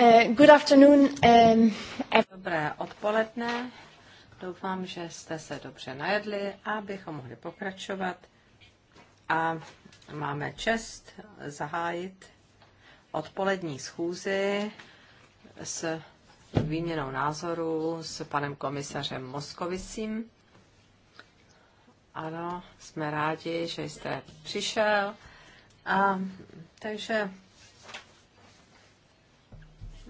Eh, good afternoon. Dobré odpoledne. Doufám, že jste se dobře najedli, abychom mohli pokračovat. A máme čest zahájit odpolední schůzi s výměnou názorů s panem komisařem Moskovicím. Ano, jsme rádi, že jste přišel. A, takže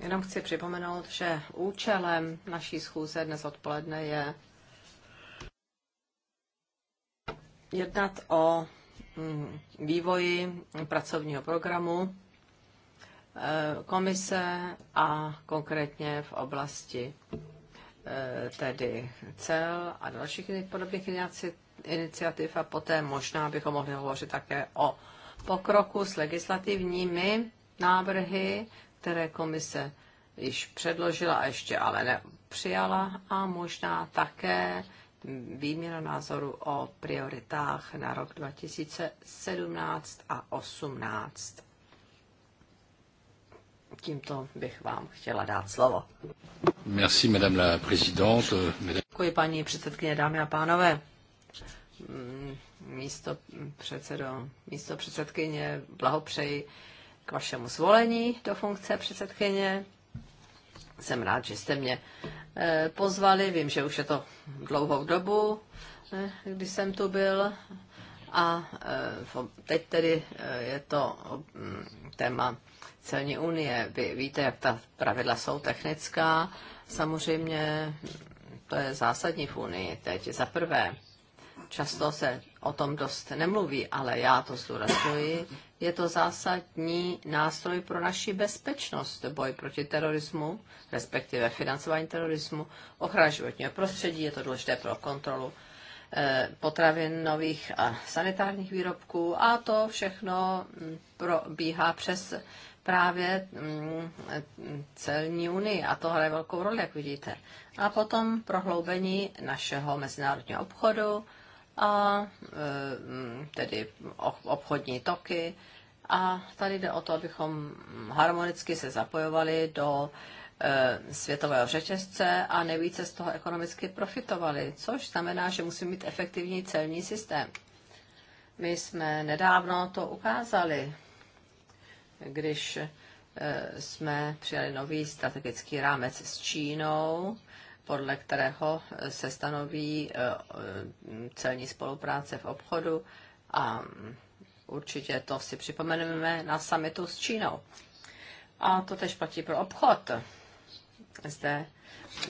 Jenom chci připomenout, že účelem naší schůze dnes odpoledne je jednat o mm, vývoji pracovního programu e, komise a konkrétně v oblasti e, tedy cel a dalších podobných iniciativ a poté možná bychom mohli hovořit také o pokroku s legislativními návrhy, které komise již předložila a ještě ale nepřijala a možná také výměna názoru o prioritách na rok 2017 a 2018. Tímto bych vám chtěla dát slovo. Merci, madame la présidente. Děkuji, paní předsedkyně, dámy a pánové. Mm, místo, předsedo, místo předsedkyně, blahopřeji k vašemu zvolení do funkce předsedkyně. Jsem rád, že jste mě eh, pozvali. Vím, že už je to dlouhou dobu, eh, kdy jsem tu byl. A eh, teď tedy je to mm, téma celní unie. Vy víte, jak ta pravidla jsou technická. Samozřejmě to je zásadní v unii teď. Za prvé, často se o tom dost nemluví, ale já to zdůrazňuji, je to zásadní nástroj pro naši bezpečnost, boj proti terorismu, respektive financování terorismu, ochrana životního prostředí, je to důležité pro kontrolu eh, potravinových a sanitárních výrobků a to všechno mm, probíhá přes právě mm, celní unii a to hraje velkou roli, jak vidíte. A potom prohloubení našeho mezinárodního obchodu, a eh, tedy obchodní toky. A tady jde o to, abychom harmonicky se zapojovali do eh, světového řetězce a nejvíce z toho ekonomicky profitovali, což znamená, že musí mít efektivní celní systém. My jsme nedávno to ukázali, když eh, jsme přijali nový strategický rámec s Čínou podle kterého se stanoví eh, celní spolupráce v obchodu a určitě to si připomeneme na samitu s Čínou. A to tež platí pro obchod. Zde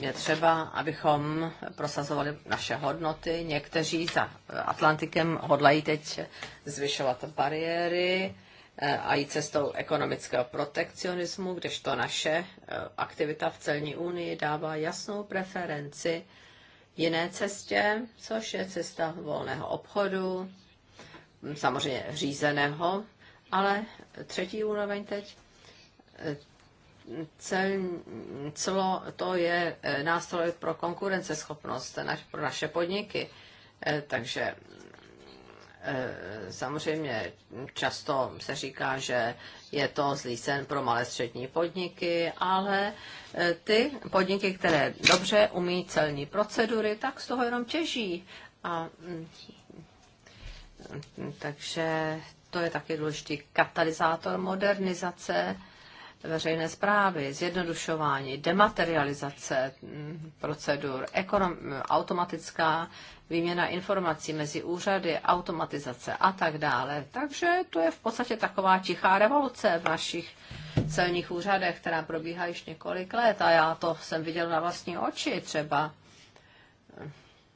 je třeba, abychom prosazovali naše hodnoty. Někteří za Atlantikem hodlají teď zvyšovat bariéry, Eh, a jít cestou ekonomického protekcionismu, kdežto naše eh, aktivita v celní unii dává jasnou preferenci jiné cestě, což je cesta volného obchodu, hm, samozřejmě řízeného, ale třetí úroveň teď, eh, cel, celo to je nástroj pro konkurenceschopnost pro naše podniky. Takže Eh, samozřejmě často se říká, že je to zlý sen pro malé střední podniky, ale eh, ty podniky, které dobře umí celní procedury, tak z toho jenom těží. A, mm, mm, takže to je taky důležitý katalyzátor modernizace veřejné zprávy, zjednodušování, dematerializace mm, procedur, ekonom, automatická výměna informací mezi úřady, automatizace a tak dále. Takže to je v podstatě taková tichá revoluce v našich celních úřadech, která probíhá již několik let a já to jsem viděl na vlastní oči třeba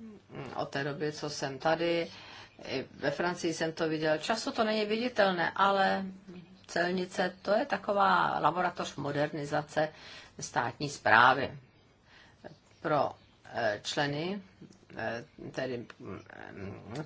mm, od té doby, co jsem tady. I ve Francii jsem to viděl. Často to není viditelné, ale celnice, to je taková laboratoř modernizace státní zprávy pro eh, členy, eh, tedy mm,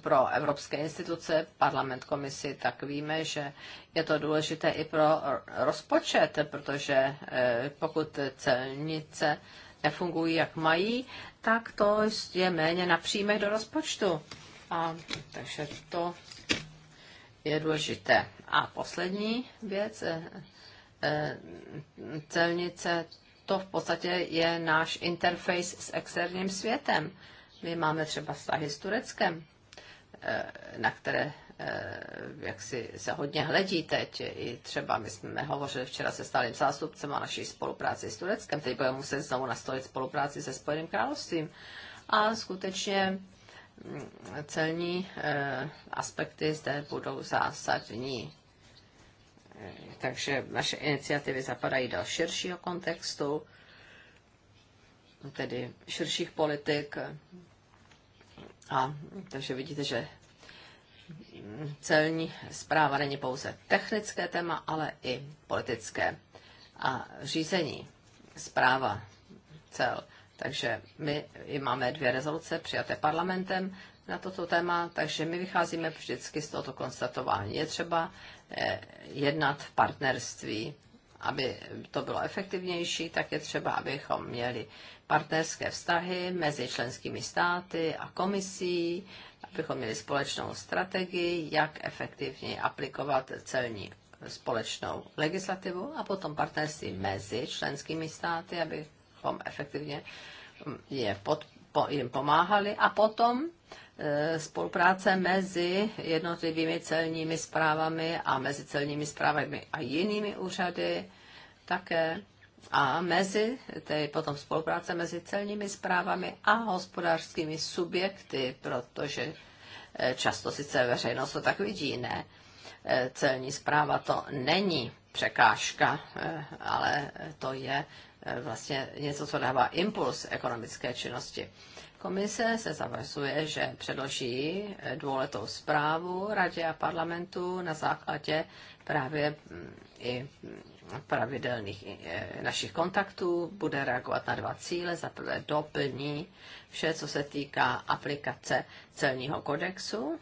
pro evropské instituce, parlament, komisi, tak víme, že je to důležité i pro rozpočet, protože eh, pokud celnice nefungují, jak mají, tak to je méně na příjmech do rozpočtu. A, takže to je důležité. A poslední věc, eh, eh, celnice, to v podstatě je náš interface s externím světem. My máme třeba vztahy s Tureckem, eh, na které jak si se hodně hledí teď. I třeba my jsme hovořili včera se stálým zástupcem a naší spolupráci s Tureckem, teď budeme muset znovu nastolit spolupráci se Spojeným královstvím. A skutečně celní eh, aspekty zde budou zásadní. Takže naše iniciativy zapadají do širšího kontextu, tedy širších politik. A takže vidíte, že celní zpráva není pouze technické téma, ale i politické. A řízení, zpráva cel takže my máme dvě rezoluce přijaté parlamentem na toto téma, takže my vycházíme vždycky z tohoto konstatování. Je třeba eh, jednat v partnerství. Aby to bylo efektivnější, tak je třeba, abychom měli partnerské vztahy mezi členskými státy a komisí, abychom měli společnou strategii, jak efektivně aplikovat celní společnou legislativu a potom partnerství mezi členskými státy, aby pom- efektivně mm, je pod, po, jim pomáhali. A potom e, spolupráce mezi jednotlivými celními zprávami a mezi celními zprávami a jinými úřady také a mezi, tedy potom spolupráce mezi celními zprávami a hospodářskými subjekty, protože e, často sice veřejnost to tak vidí, ne, e, celní zpráva to není překážka, ale to je Eh, vlastně něco, co dává impuls ekonomické činnosti. Komise se zavazuje, že předloží eh, dvouletou zprávu radě a parlamentu na základě právě mm, i mm, pravidelných eh, našich kontaktů, bude reagovat na dva cíle. Za prvé doplní vše, co se týká aplikace celního kodexu,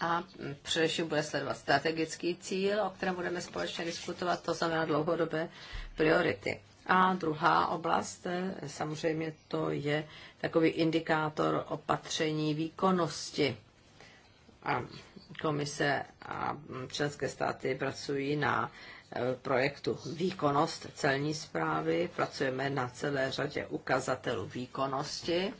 a především bude sledovat strategický cíl, o kterém budeme společně diskutovat, to znamená dlouhodobé priority. A druhá oblast, eh, samozřejmě to je takový indikátor opatření výkonnosti. A komise a členské státy pracují na eh, projektu Výkonnost celní zprávy, pracujeme na celé řadě ukazatelů výkonnosti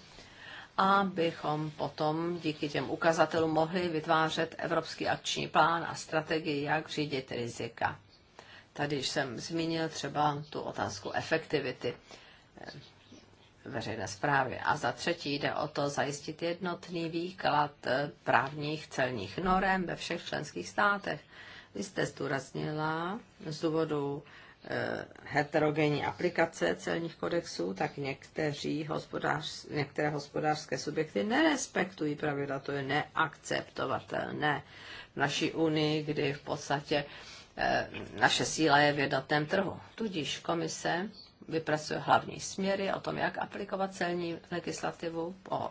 abychom potom díky těm ukazatelům mohli vytvářet evropský akční plán a strategii, jak řídit rizika. Tady jsem zmínil třeba tu otázku efektivity eh, veřejné zprávy. A za třetí jde o to zajistit jednotný výklad eh, právních celních norem ve všech členských státech. Vy jste zdůraznila z důvodu Eh, heterogenní aplikace celních kodexů, tak někteří hospodář, některé hospodářské subjekty nerespektují pravidla. To je neakceptovatelné v naší unii, kdy v podstatě eh, naše síla je v jednotném trhu. Tudíž komise vypracuje hlavní směry o tom, jak aplikovat celní legislativu po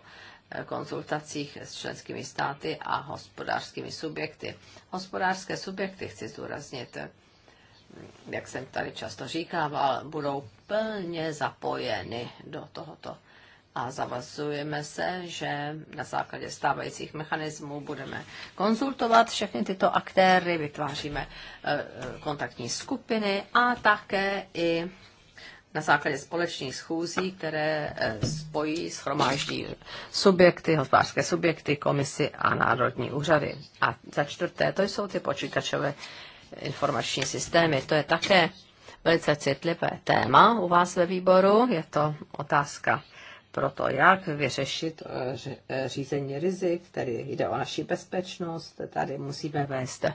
eh, konzultacích s členskými státy a hospodářskými subjekty. Hospodářské subjekty, chci zdůraznit, jak jsem tady často říkával, budou plně zapojeny do tohoto. A zavazujeme se, že na základě stávajících mechanismů budeme konzultovat všechny tyto aktéry, vytváříme eh, eh, kontaktní skupiny a také i na základě společných schůzí, které eh, spojí, schromáždí subjekty, hospodářské subjekty, komisy a národní úřady. A za čtvrté, to jsou ty počítačové informační systémy. To je také velice citlivé téma u vás ve výboru. Je to otázka pro to, jak vyřešit eh, eh, řízení rizik, tedy jde o naši bezpečnost. Tady musíme vést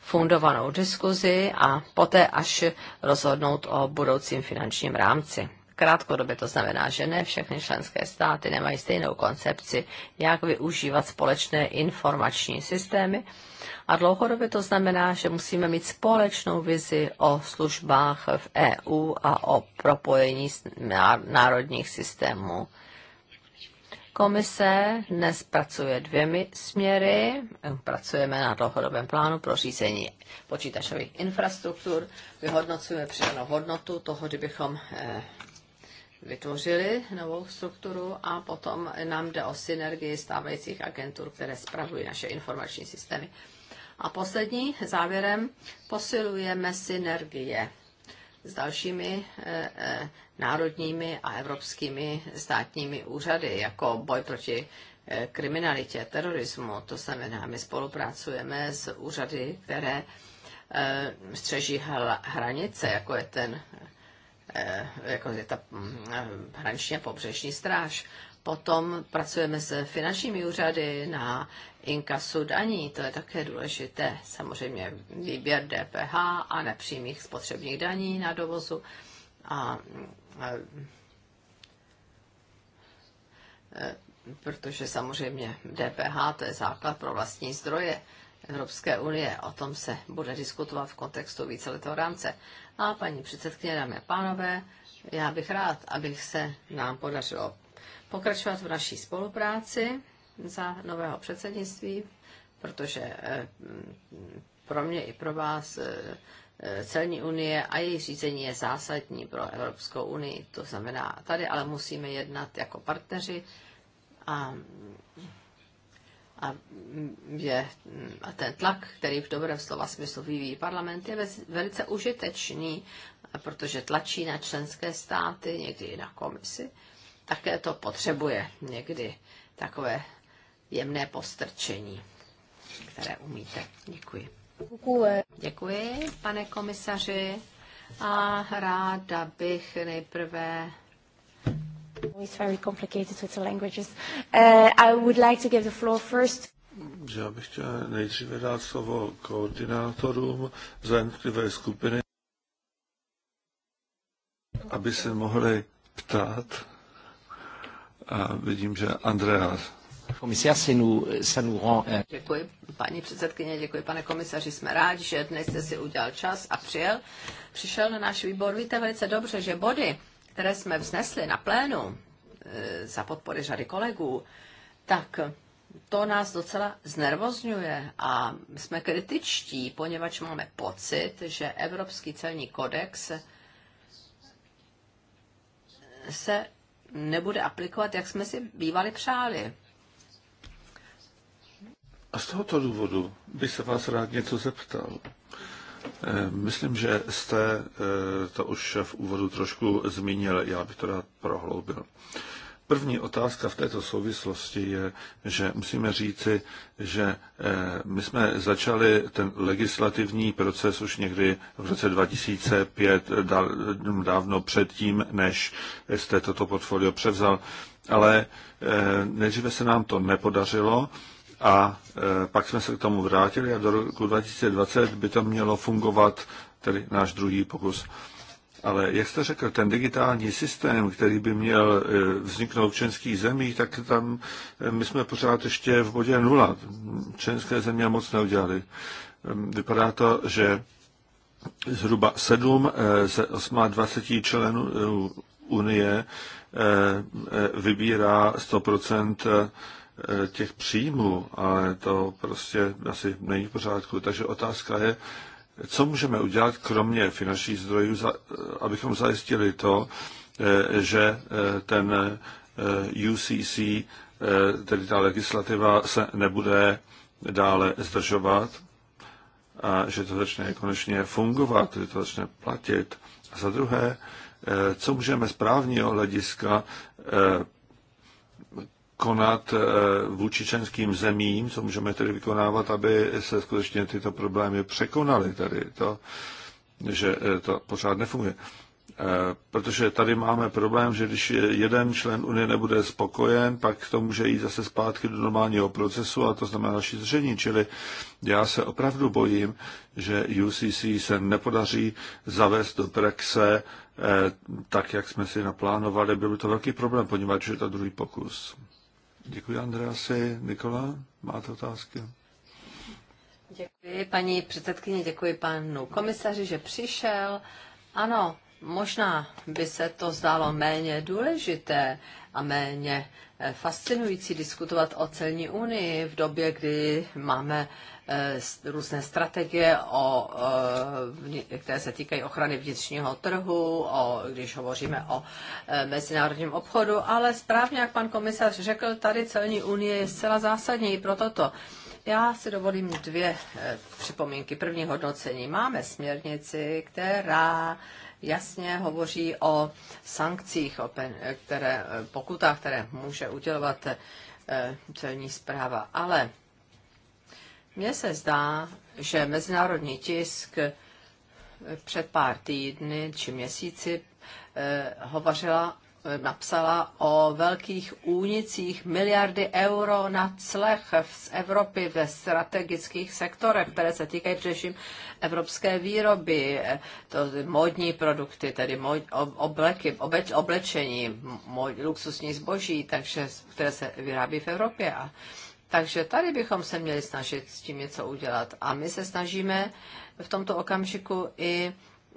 fundovanou diskuzi a poté až rozhodnout o budoucím finančním rámci krátkodobě. To znamená, že ne všechny členské státy nemají stejnou koncepci, jak využívat společné informační systémy. A dlouhodobě to znamená, že musíme mít společnou vizi o službách v EU a o propojení národních systémů. Komise dnes pracuje dvěmi směry. Pracujeme na dlouhodobém plánu pro řízení počítačových infrastruktur. Vyhodnocujeme přidanou hodnotu toho, kdybychom eh, vytvořili novou strukturu a potom nám jde o synergii stávajících agentur, které spravují naše informační systémy. A poslední závěrem posilujeme synergie s dalšími e, e, národními a evropskými státními úřady, jako boj proti e, kriminalitě, terorismu. To znamená, my spolupracujeme s úřady, které střeží hranice, jako je ten Eh, jako je ta mm, eh, hraniční a pobřežní stráž. Potom pracujeme s finančními úřady na inkasu daní, to je také důležité. Samozřejmě výběr DPH a nepřímých spotřebních daní na dovozu. A, a, eh, protože samozřejmě DPH to je základ pro vlastní zdroje Evropské unie. O tom se bude diskutovat v kontextu víceletého rámce. A paní předsedkyně, dámy a pánové, já bych rád, abych se nám podařilo pokračovat v naší spolupráci za nového předsednictví, protože eh, pro mě i pro vás eh, eh, celní unie a její řízení je zásadní pro Evropskou unii. To znamená, tady ale musíme jednat jako partneři a a, je, a ten tlak, který v dobrém slova smyslu vyvíjí parlament, je velice užitečný, protože tlačí na členské státy, někdy i na komisi. Také to potřebuje někdy takové jemné postrčení, které umíte. Děkuji. Děkuji. Děkuji, pane komisaři. A ráda bych nejprve It's very complicated with the languages. Uh, I would like to give the floor first. Já bych chtěl nejdříve dát slovo koordinátorům za jednotlivé skupiny, aby se mohli ptát. A vidím, že Andreas. Eh. Děkuji, paní předsedkyně, děkuji, pane komisaři. Jsme rádi, že dnes jste si udělal čas a přijel. Přišel na náš výbor. Víte velice dobře, že body, které jsme vznesli na plénu e, za podpory řady kolegů, tak to nás docela znervozňuje a jsme kritičtí, poněvadž máme pocit, že Evropský celní kodex se nebude aplikovat, jak jsme si bývali přáli. A z tohoto důvodu bych se vás rád něco zeptal. Eh, myslím, že jste eh, to už v úvodu trošku zmínil, já bych to rád prohloubil. První otázka v této souvislosti je, že musíme říci, že eh, my jsme začali ten legislativní proces už někdy v roce 2005, dávno předtím, než jste toto portfolio převzal, ale nejdříve se nám to nepodařilo a e, pak jsme se k tomu vrátili a do roku 2020 by to mělo fungovat, tedy náš druhý pokus. Ale jak jste řekl, ten digitální systém, který by měl e, vzniknout v členských zemích, tak tam e, my jsme pořád ještě v bodě nula. Členské země moc neudělali. Vypadá to, že zhruba 7 ze 28 členů Unie vybírá 100 Eh, těch příjmů, ale to prostě asi není v pořádku. Takže otázka je, co můžeme udělat kromě finančních zdrojů, eh, abychom zajistili to, eh, že ten UCC, tedy ta legislativa, se nebude dále zdržovat a že to začne konečně fungovat, že to začne platit. A za druhé, co můžeme z právního hlediska konat eh, vůči členským zemím, co můžeme tedy vykonávat, aby se skutečně tyto problémy překonaly tady, to, že eh, to pořád nefunguje. Eh, protože tady máme problém, že když jeden člen Unie nebude spokojen, pak to může jít zase zpátky do normálního procesu a to znamená zření. Čili já se opravdu bojím, že UCC se nepodaří zavést do praxe tak, jak jsme si naplánovali. Byl to velký problém, poněvadž je to druhý pokus. Děkuji, Andrease. Nikola, máte otázky? Děkuji, paní předsedkyně, děkuji panu komisaři, že přišel. Ano, Možná by se to zdálo méně důležité a méně eh, fascinující diskutovat o celní unii v době, kdy máme eh, různé strategie, o, eh, které se týkají ochrany vnitřního trhu, o, když hovoříme o mezinárodním obchodu, ale správně, jak pan komisař řekl, tady celní unie je zcela zásadní pro toto. Já si dovolím dvě připomínky. První hodnocení. Máme směrnici, která jasně hovoří o sankcích, o které, pokutách, které může udělovat eh, celní zpráva. Ale mně se zdá, že mezinárodní tisk eh, před pár týdny či měsíci eh, hovořila napsala o velkých únicích miliardy euro na clech z Evropy ve strategických sektorech, které se týkají především evropské výroby, to modní produkty, tedy obleky, oblečení, luxusní zboží, takže, které se vyrábí v Evropě. A, takže tady bychom se měli snažit s tím něco udělat. A my se snažíme v tomto okamžiku i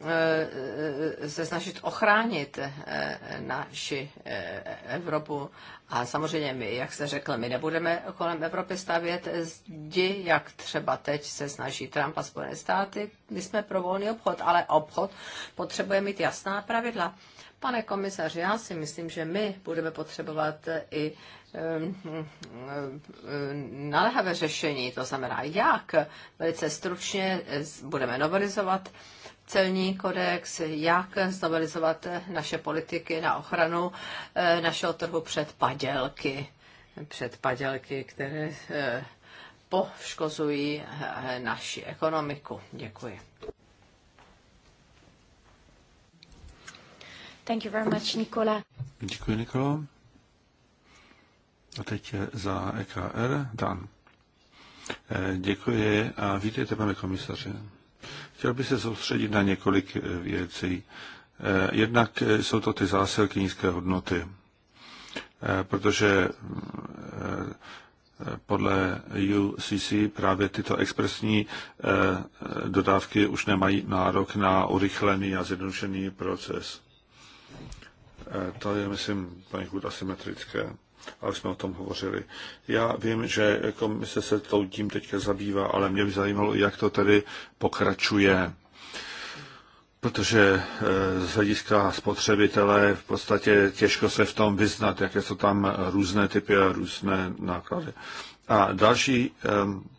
Eh, se snažit ochránit eh, naši eh, Evropu. A samozřejmě my, jak se řekl, my nebudeme kolem Evropy stavět zdi, jak třeba teď se snaží Trump a Spojené státy. My jsme pro volný obchod, ale obchod potřebuje mít jasná pravidla. Pane komisaři, já si myslím, že my budeme potřebovat i naléhavé řešení, to znamená, jak velice stručně budeme novelizovat celní kodex, jak stabilizovat naše politiky na ochranu eh, našeho trhu před padělky, před padělky, které eh, poškozují eh, naši ekonomiku. Děkuji. Thank you very much, Nikola. Děkuji, Nikola A teď je za EKR Dan. Děkuji a vítejte, pane komisaři. Chtěl bych se soustředit na několik eh, věcí. Eh, jednak eh, jsou to ty zásilky nízké hodnoty, protože mm, podle UCC právě tyto expresní dodávky už nemají nárok na urychlený a zjednodušený proces. To je, myslím, poněkud asymetrické ale jsme o tom hovořili. Já vím, že komise se tou tím teďka zabývá, ale mě by zajímalo, jak to tedy pokračuje. Protože eh, z hlediska spotřebitele v podstatě těžko se v tom vyznat, jaké jsou tam různé typy a různé náklady. A další eh,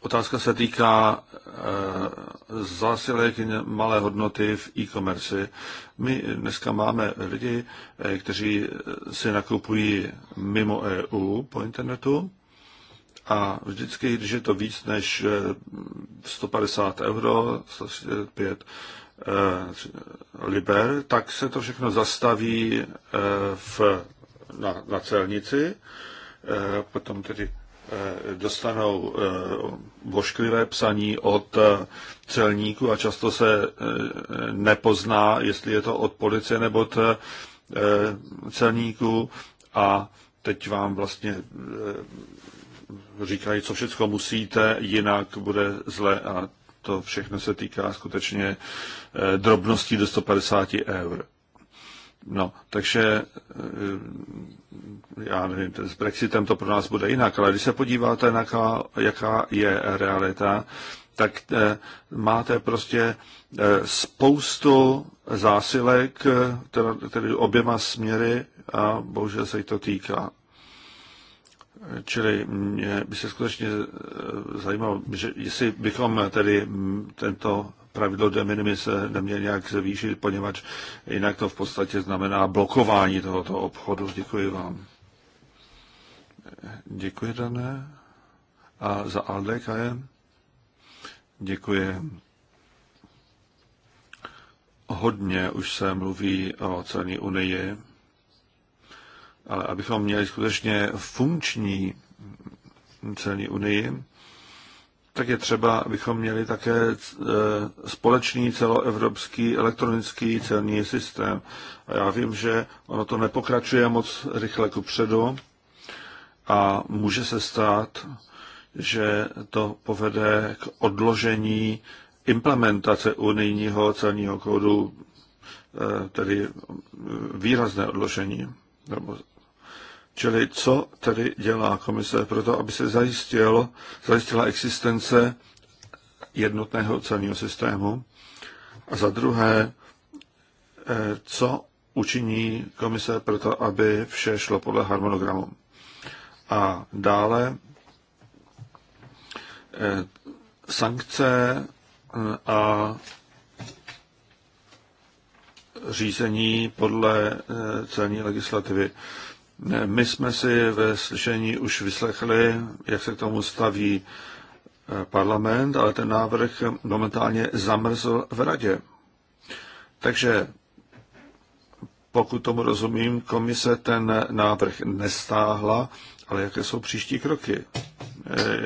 Otázka se týká eh, zásilek malé hodnoty v e-commerce. My dneska máme lidi, eh, kteří si nakupují mimo EU po internetu a vždycky, když je to víc než 150 eh, euro, 135 liber, tak se to všechno zastaví v, na, na celnici, potom tedy Eh, dostanou eh, vošklivé psaní od eh, celníku a často se nepozná, jestli je to od policie nebo od celníku a teď vám vlastně říkají, co všechno musíte, jinak bude zle a to všechno se týká skutečně drobností do 150 eur. No, takže eh, já nevím, s Brexitem to pro nás bude jinak, ale když se podíváte na jaká, jaká je realita, tak eh, máte prostě eh, spoustu zásilek, tedy oběma směry a bohužel se jich to týká. Čili mě by se skutečně zajímalo, že jestli bychom tedy tento pravidlo de minimis neměl nějak zvýšit, poněvadž jinak to v podstatě znamená blokování tohoto obchodu. Děkuji vám. Děkuji, Dané. A za a je? Děkuji. Hodně už se mluví o celní unii, ale abychom měli skutečně funkční celní unii, tak je třeba, abychom měli také e, společný celoevropský elektronický celní systém. A já vím, že ono to nepokračuje moc rychle kupředu a může se stát, že to povede k odložení implementace unijního celního kódu, e, tedy výrazné odložení nebo Čili co tedy dělá komise pro to, aby se zajistilo, zajistila existence jednotného celního systému? A za druhé, eh, co učiní komise pro to, aby vše šlo podle harmonogramu? A dále eh, sankce eh, a řízení podle celní legislativy. My jsme si ve slyšení už vyslechli, jak se k tomu staví eh, parlament, ale ten návrh momentálně zamrzl v radě. Takže pokud tomu rozumím, komise ten návrh nestáhla, ale jaké jsou příští kroky? Eh,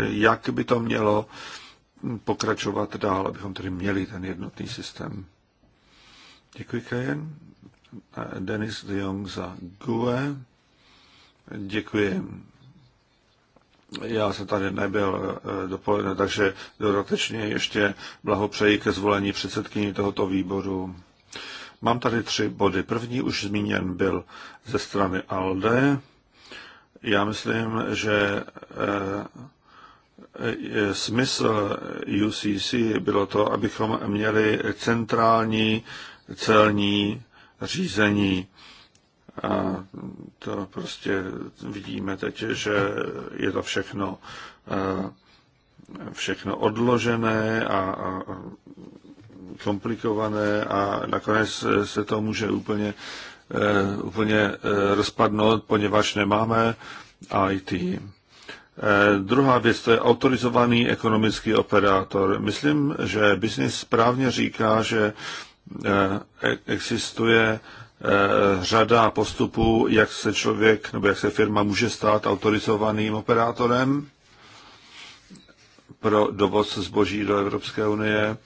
jak by to mělo pokračovat dál, abychom tedy měli ten jednotný systém? Děkuji, Kajen. Eh, Denis de Jong za GUE. Děkuji. Já jsem tady nebyl eh, dopoledne, takže dodatečně ještě blahopřeji ke zvolení předsedkyní tohoto výboru. Mám tady tři body. První už zmíněn byl ze strany ALDE. Já myslím, že eh, eh, smysl UCC bylo to, abychom měli centrální celní řízení a to prostě vidíme teď, že je to všechno, všechno odložené a komplikované a nakonec se to může úplně, e, úplně e, rozpadnout, poněvadž nemáme IT. E, druhá věc, to je autorizovaný ekonomický operátor. Myslím, že biznis správně říká, že existuje Eh, řada postupů, jak se člověk nebo jak se firma může stát autorizovaným operátorem pro dovoz zboží do Evropské unie,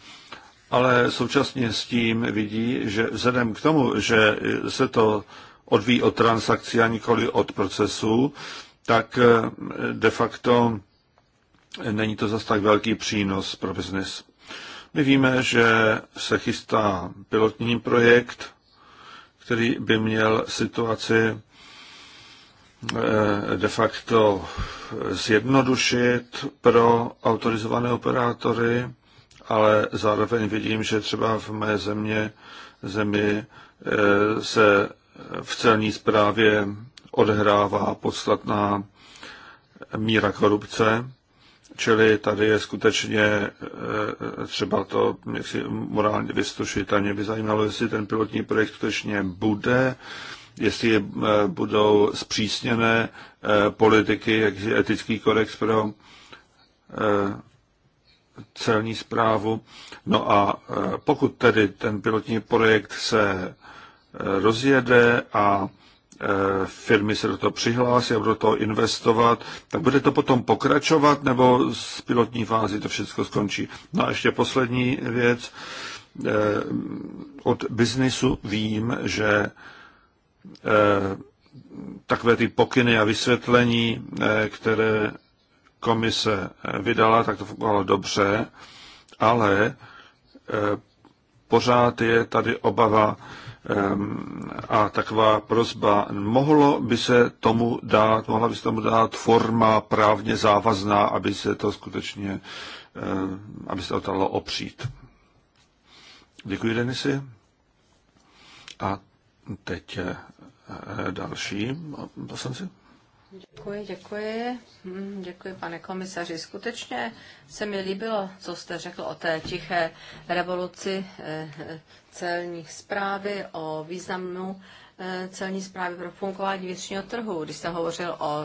ale současně s tím vidí, že vzhledem k tomu, že se to odvíjí od transakcí a nikoli od procesu, tak eh, de facto není to zas tak velký přínos pro biznis. My víme, že se chystá pilotní projekt který by měl situaci eh, de facto zjednodušit pro autorizované operátory, ale zároveň vidím, že třeba v mé země, zemi eh, se v celní správě odhrává podstatná míra korupce Čili tady je skutečně e, e, třeba to si morálně vystušit a mě by zajímalo, jestli ten pilotní projekt skutečně bude, jestli je, budou zpřísněné e, politiky, jaký etický kodex pro celní zprávu. No a pokud tedy ten pilotní projekt se rozjede a Eh, firmy se do toho přihlásí a budou toho investovat, tak bude to potom pokračovat nebo z pilotní fázi to všechno skončí. No a ještě poslední věc. Eh, od biznisu vím, že eh, takové ty pokyny a vysvětlení, které komise vydala, tak to fungovalo dobře, ale pořád je tady obava, Ehm, a taková prozba. Mohlo by se tomu dát, mohla by se tomu dát forma právně závazná, aby se to skutečně, ehm, aby se to dalo opřít. Děkuji, Denisy. A teď eh, další poslanci. Děkuji, děkuji. Hm, děkuji, pane komisaři. Skutečně se mi líbilo, co jste řekl o té tiché revoluci eh, eh, celní zprávy, o významnou eh, celní zprávy pro fungování vnitřního trhu. Když jste hovořil o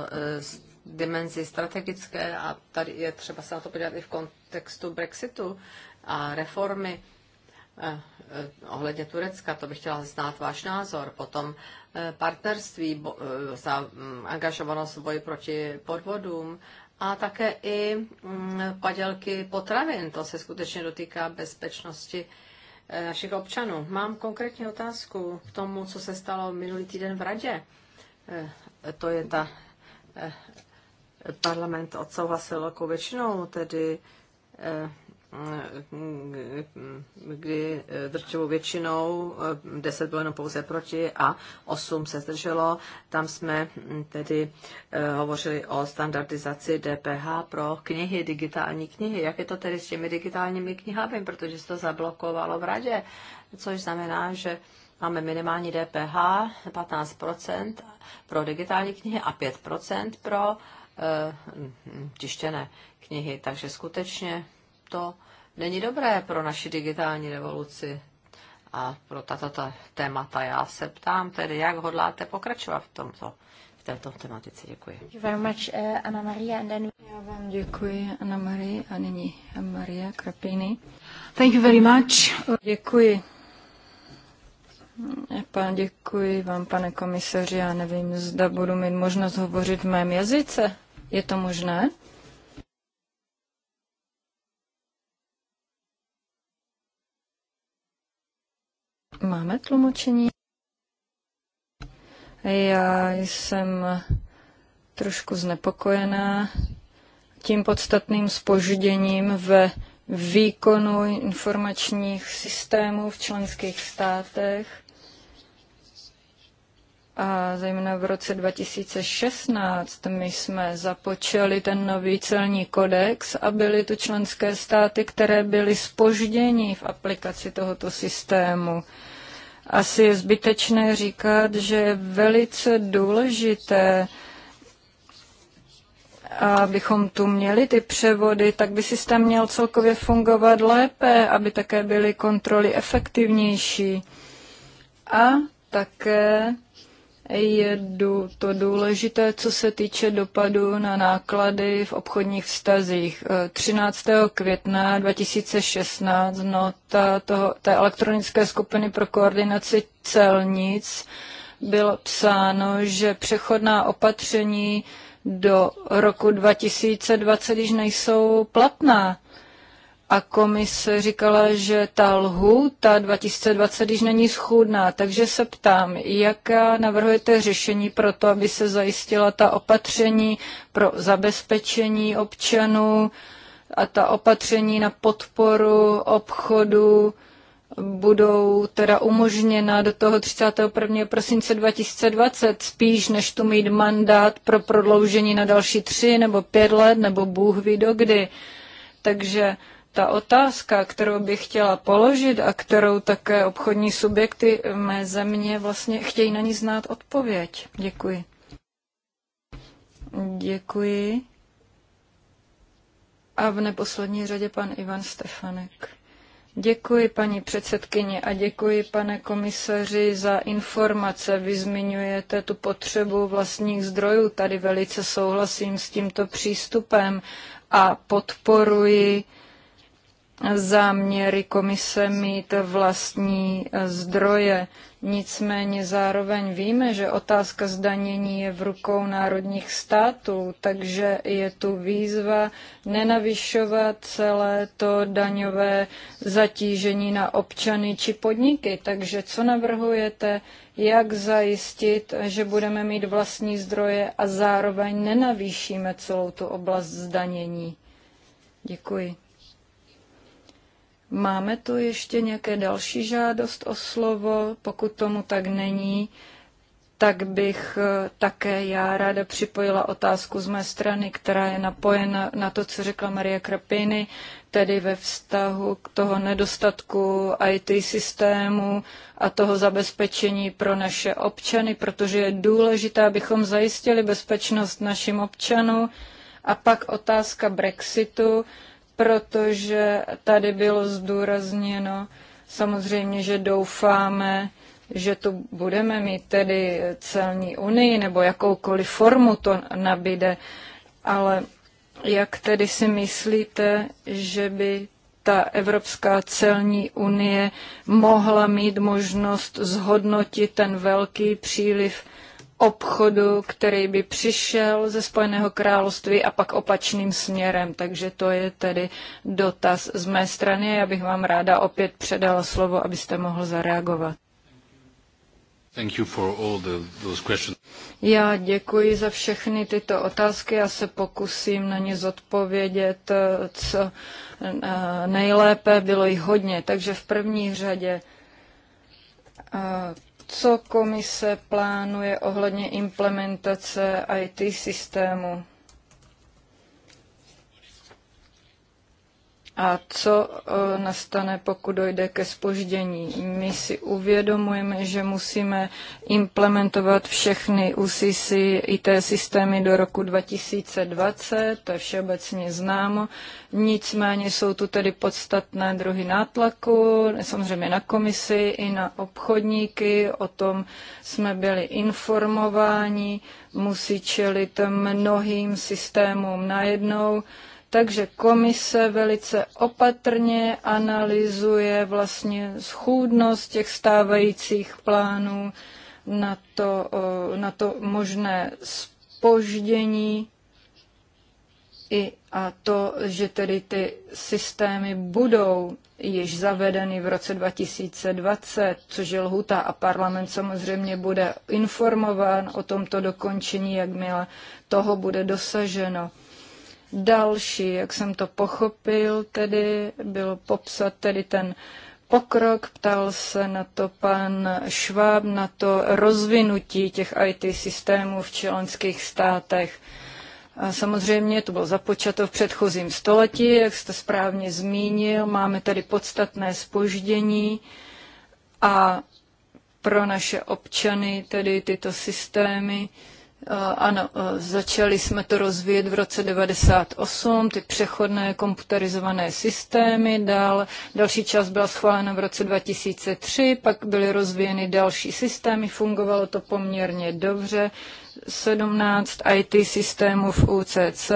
dimenzi strategické a tady je třeba se na to podívat i v kontextu Brexitu a reformy ohledně Turecka, to bych chtěla znát váš názor. Potom Eh, partnerství, eh, za mm, angažovanost v boji proti podvodům a také i mm, padělky potravin. To se skutečně dotýká bezpečnosti eh, našich občanů. Mám konkrétní otázku k tomu, co se stalo minulý týden v Radě. To je ta parlament odsouhlasil velkou většinou, tedy kdy eh, drtivou většinou 10 eh, bylo jenom pouze proti a 8 se zdrželo. Tam jsme hm, tedy eh, hovořili o standardizaci DPH pro knihy, digitální knihy. Jak je to tedy s těmi digitálními knihami, protože se to zablokovalo v radě, což znamená, že máme minimální DPH 15% pro digitální knihy a 5% pro hm, tištěné knihy. Takže skutečně to není dobré pro naši digitální revoluci. A pro tato témata já se ptám tedy, jak hodláte pokračovat v tomto v této tematice. Děkuji. Very much, eh, Anna Maria, Já vám děkuji, Anna Marie, a nyní Maria Krapiny. Thank you very much. Děkuji. Pán, děkuji vám, pane komisaři. Já nevím, zda budu mít možnost hovořit v mém jazyce. Je to možné? Máme tlumočení? Já jsem trošku znepokojená tím podstatným spožděním ve výkonu informačních systémů v členských státech. A zejména v roce 2016 my jsme započali ten nový celní kodex a byly tu členské státy, které byly spožděni v aplikaci tohoto systému. Asi je zbytečné říkat, že je velice důležité, abychom tu měli ty převody, tak by systém měl celkově fungovat lépe, aby také byly kontroly efektivnější. A také je to důležité, co se týče dopadu na náklady v obchodních vztazích. 13. Eh, května 2016 nota toho, té elektronické skupiny pro koordinaci celnic bylo psáno, že přechodná opatření do roku 2020 již nejsou platná a komise říkala, že ta ta 2020 již není schůdná, takže se ptám, jaká navrhujete řešení pro to, aby se zajistila ta opatření pro zabezpečení občanů a ta opatření na podporu obchodu budou teda umožněna do toho 31. prosince 2020 spíš, než tu mít mandát pro prodloužení na další tři nebo pět let, nebo Bůh ví dokdy. Takže ta otázka, kterou bych chtěla položit a kterou také obchodní subjekty mé země vlastně chtějí na ní znát odpověď. Děkuji. Děkuji. A v neposlední řadě pan Ivan Stefanek. Děkuji, paní předsedkyně, a děkuji, pane komisaři, za informace. Vy zmiňujete tu potřebu vlastních zdrojů. Tady velice souhlasím s tímto přístupem a podporuji záměry komise mít vlastní zdroje. Nicméně zároveň víme, že otázka zdanění je v rukou národních států, takže je tu výzva nenavyšovat celé to daňové zatížení na občany či podniky. Takže co navrhujete, jak zajistit, že budeme mít vlastní zdroje a zároveň nenavýšíme celou tu oblast zdanění? Děkuji. Máme tu ještě nějaké další žádost o slovo? Pokud tomu tak není, tak bych eh, také já ráda připojila otázku z mé strany, která je napojena na to, co řekla Maria Krapiny, tedy ve vztahu k toho nedostatku IT systému a toho zabezpečení pro naše občany, protože je důležité, abychom zajistili bezpečnost našim občanům. A pak otázka Brexitu protože tady bylo zdůrazněno samozřejmě, že doufáme, že tu budeme mít tedy celní unii nebo jakoukoliv formu to nabíde, ale jak tedy si myslíte, že by ta Evropská celní unie mohla mít možnost zhodnotit ten velký příliv obchodu, který by přišel ze Spojeného království a pak opačným směrem. Takže to je tedy dotaz z mé strany. Já bych vám ráda opět předala slovo, abyste mohl zareagovat. The, Já děkuji za všechny tyto otázky. Já se pokusím na ně zodpovědět, co eh, nejlépe. Bylo jich hodně. Takže v první řadě eh, co komise plánuje ohledně implementace IT systému. A co e, nastane, pokud dojde ke spoždění? My si uvědomujeme, že musíme implementovat všechny UCC IT systémy do roku 2020, to je všeobecně známo. Nicméně jsou tu tedy podstatné druhy nátlaku, samozřejmě na komisi i na obchodníky, o tom jsme byli informováni, musí čelit mnohým systémům najednou takže komise velice opatrně analyzuje vlastně schůdnost těch stávajících plánů na to, na to možné spoždění i a to, že tedy ty systémy budou již zavedeny v roce 2020, což je lhuta a parlament samozřejmě bude informován o tomto dokončení, jakmile toho bude dosaženo. Další, jak jsem to pochopil, tedy bylo popsat tedy ten pokrok, ptal se na to pan Šváb, na to rozvinutí těch IT systémů v členských státech. A samozřejmě to bylo započato v předchozím století, jak jste správně zmínil, máme tady podstatné spoždění a pro naše občany tedy tyto systémy Eh, ano, eh, začali jsme to rozvíjet v roce 98, ty přechodné komputerizované systémy, dál, další čas byla schválena v roce 2003, pak byly rozvíjeny další systémy, fungovalo to poměrně dobře, 17 IT systémů v UCC,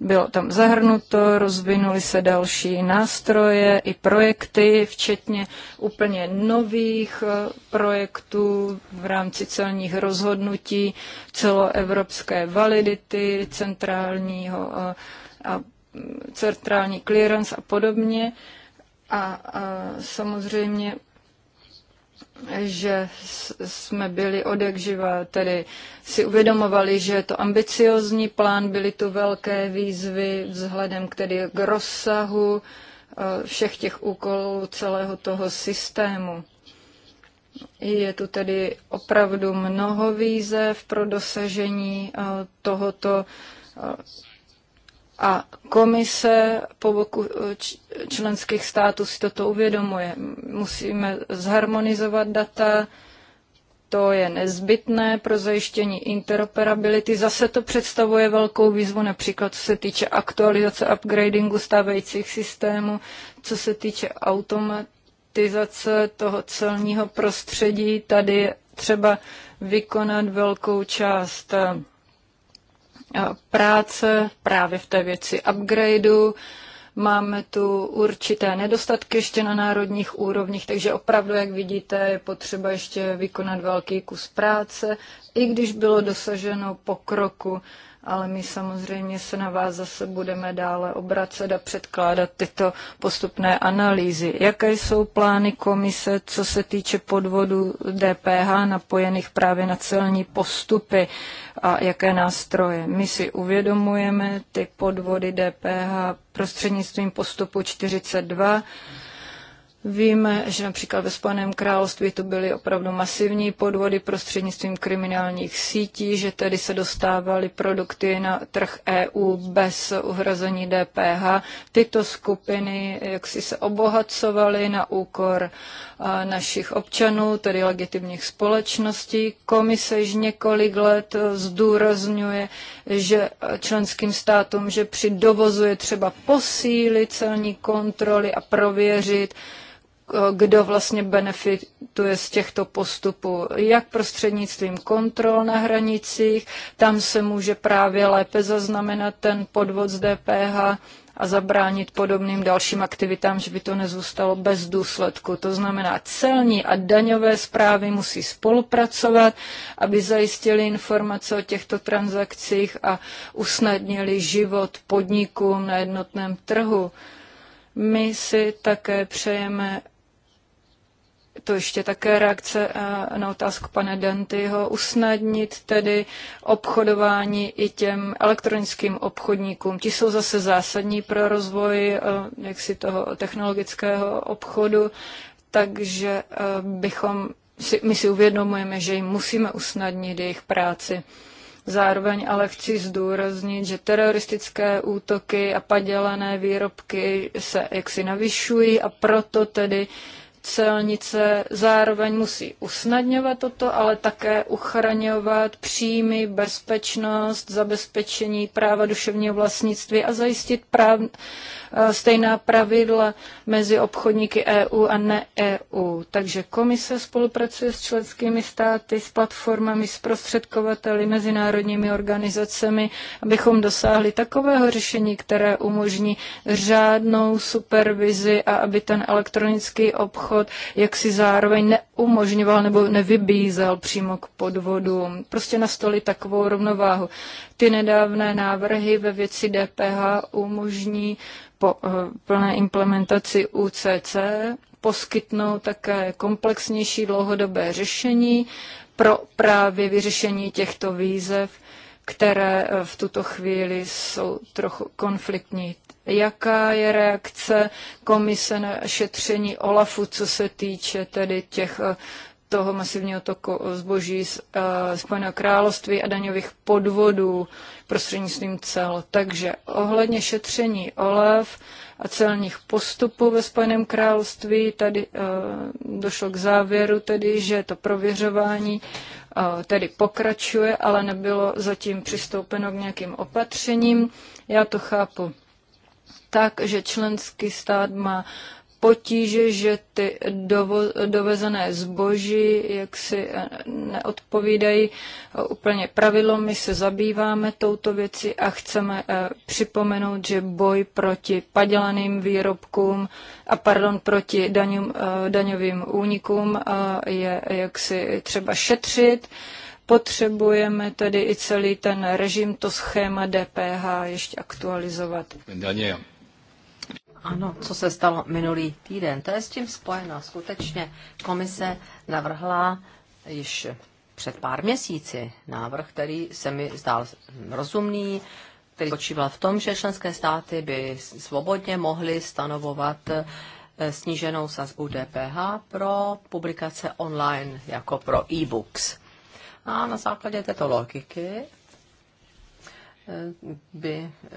bylo tam zahrnuto, rozvinuly se další nástroje i projekty, včetně úplně nových eh, projektů v rámci celních rozhodnutí, celoevropské validity, centrálního eh, a, a mm, centrální clearance a podobně. A, a samozřejmě že jsme byli odekživa, tedy si uvědomovali, že je to ambiciozní plán, byly tu velké výzvy vzhledem k, tedy k rozsahu eh, všech těch úkolů celého toho systému. Je tu tedy opravdu mnoho výzev pro dosažení eh, tohoto eh, a komise po boku eh, členských států si toto uvědomuje. Musíme zharmonizovat data, to je nezbytné pro zajištění interoperability. Zase to představuje velkou výzvu, například co se týče aktualizace, upgradingu stávajících systémů, co se týče automatizace toho celního prostředí. Tady je třeba vykonat velkou část eh, práce právě v té věci upgradeu. Máme tu určité nedostatky ještě na národních úrovních, takže opravdu, jak vidíte, je potřeba ještě vykonat velký kus práce, i když bylo dosaženo pokroku ale my samozřejmě se na vás zase budeme dále obracet a předkládat tyto postupné analýzy. Jaké jsou plány komise, co se týče podvodu DPH napojených právě na celní postupy a jaké nástroje? My si uvědomujeme ty podvody DPH prostřednictvím postupu 42 Víme, že například ve Spojeném království to byly opravdu masivní podvody prostřednictvím kriminálních sítí, že tedy se dostávaly produkty na trh EU bez uhrazení DPH. Tyto skupiny jaksi se obohacovaly na úkor našich občanů, tedy legitimních společností. Komise již několik let zdůrazňuje, že členským státům, že při dovozu je třeba posílit celní kontroly a prověřit, kdo vlastně benefituje z těchto postupů. Jak prostřednictvím kontrol na hranicích, tam se může právě lépe zaznamenat ten podvod z DPH a zabránit podobným dalším aktivitám, že by to nezůstalo bez důsledku. To znamená, celní a daňové zprávy musí spolupracovat, aby zajistili informace o těchto transakcích a usnadnili život podnikům na jednotném trhu. My si také přejeme to ještě také reakce eh, na otázku pana Dantyho, usnadnit tedy obchodování i těm elektronickým obchodníkům. Ti jsou zase zásadní pro rozvoj eh, jaksi toho technologického obchodu, takže eh, bychom si, my si uvědomujeme, že jim musíme usnadnit jejich práci. Zároveň ale chci zdůraznit, že teroristické útoky a padělané výrobky se jaksi navyšují a proto tedy uh, celnice zároveň musí usnadňovat toto, ale také uchraňovat příjmy, bezpečnost, zabezpečení práva duševního vlastnictví a zajistit práv, Eh, stejná pravidla mezi obchodníky EU a ne-EU. Takže komise spolupracuje s členskými státy, s platformami, s prostředkovateli, mezinárodními organizacemi, abychom dosáhli takového řešení, které umožní řádnou supervizi a aby ten elektronický obchod jaksi zároveň neumožňoval nebo nevybízel přímo k podvodům. Prostě nastolit takovou rovnováhu. Ty nedávné návrhy ve věci DPH umožní po eh, plné implementaci UCC poskytnou také komplexnější dlouhodobé řešení pro právě vyřešení těchto výzev, které eh, v tuto chvíli jsou trochu konfliktní. Jaká je reakce komise na šetření OLAFu, co se týče tedy těch eh, toho masivního toku zboží z eh, Spojeného království a daňových podvodů prostřednictvím cel. Takže ohledně šetření olev a celních postupů ve Spojeném království tady eh, došlo k závěru, tedy, že to prověřování eh, tedy pokračuje, ale nebylo zatím přistoupeno k nějakým opatřením. Já to chápu tak, že členský stát má uh, potíže, že ty dovo, dovezené zboží jak si eh, neodpovídají eh, úplně pravidlo My se zabýváme touto věci a chceme eh, připomenout, že boj proti padělaným výrobkům a pardon, proti daňům, daňovým únikům je jaksi třeba šetřit. Potřebujeme tedy i celý ten režim, to schéma DPH ještě aktualizovat. Daniel. Ano, co se stalo minulý týden, to je s tím spojeno. Skutečně komise navrhla již před pár měsíci návrh, který se mi zdál rozumný, který spočíval v tom, že členské státy by svobodně mohly stanovovat eh, sníženou sazbu DPH pro publikace online jako pro e-books. A na základě této logiky by eh,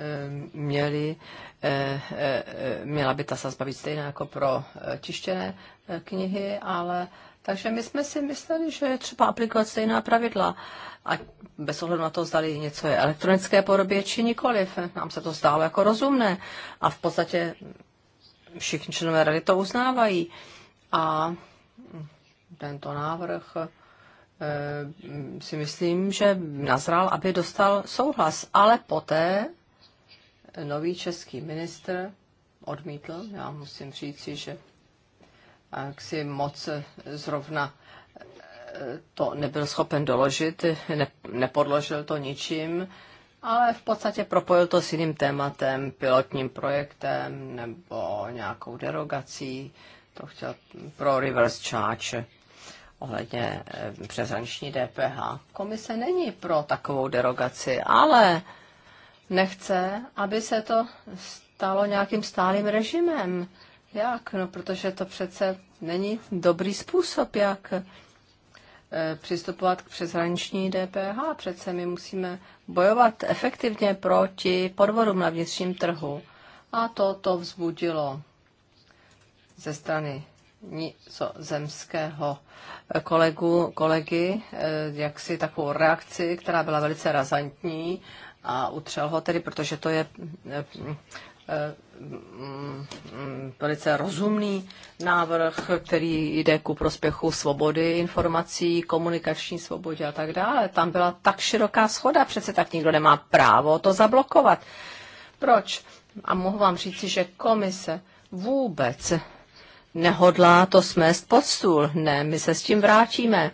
měly, eh, eh, měla by ta sazba být stejná jako pro tištěné knihy, ale takže my jsme si mysleli, že je třeba aplikovat stejná pravidla. A bez ohledu na to, zda něco je elektronické podobě či nikoliv. Nám se to zdálo jako rozumné. A v podstatě všichni členové rady to uznávají. A tento návrh Eh, si myslím, že nazral, aby dostal souhlas, ale poté nový český ministr odmítl. Já musím říci, že si moc zrovna eh, to nebyl schopen doložit, ne, nepodložil to ničím, ale v podstatě propojil to s jiným tématem, pilotním projektem nebo nějakou derogací, to chtěl pro reverse charge ohledně eh, přeshraniční DPH. Komise není pro takovou derogaci, ale nechce, aby se to stalo nějakým stálým režimem. Jak? No, protože to přece není dobrý způsob, jak eh, přistupovat k přeshraniční DPH. Přece my musíme bojovat efektivně proti podvodům na vnitřním trhu. A to to vzbudilo ze strany zemského eh, kolegu, kolegy, eh, jaksi takovou reakci, která byla velice razantní a utřel ho tedy, protože to je eh, mm, mm, velice rozumný návrh, který jde ku prospěchu svobody informací, komunikační svobody a tak dále. Tam byla tak široká schoda, přece tak nikdo nemá právo to zablokovat. Proč? A mohu vám říci, že komise vůbec nehodlá to smést pod stůl. Ne, my se s tím vrátíme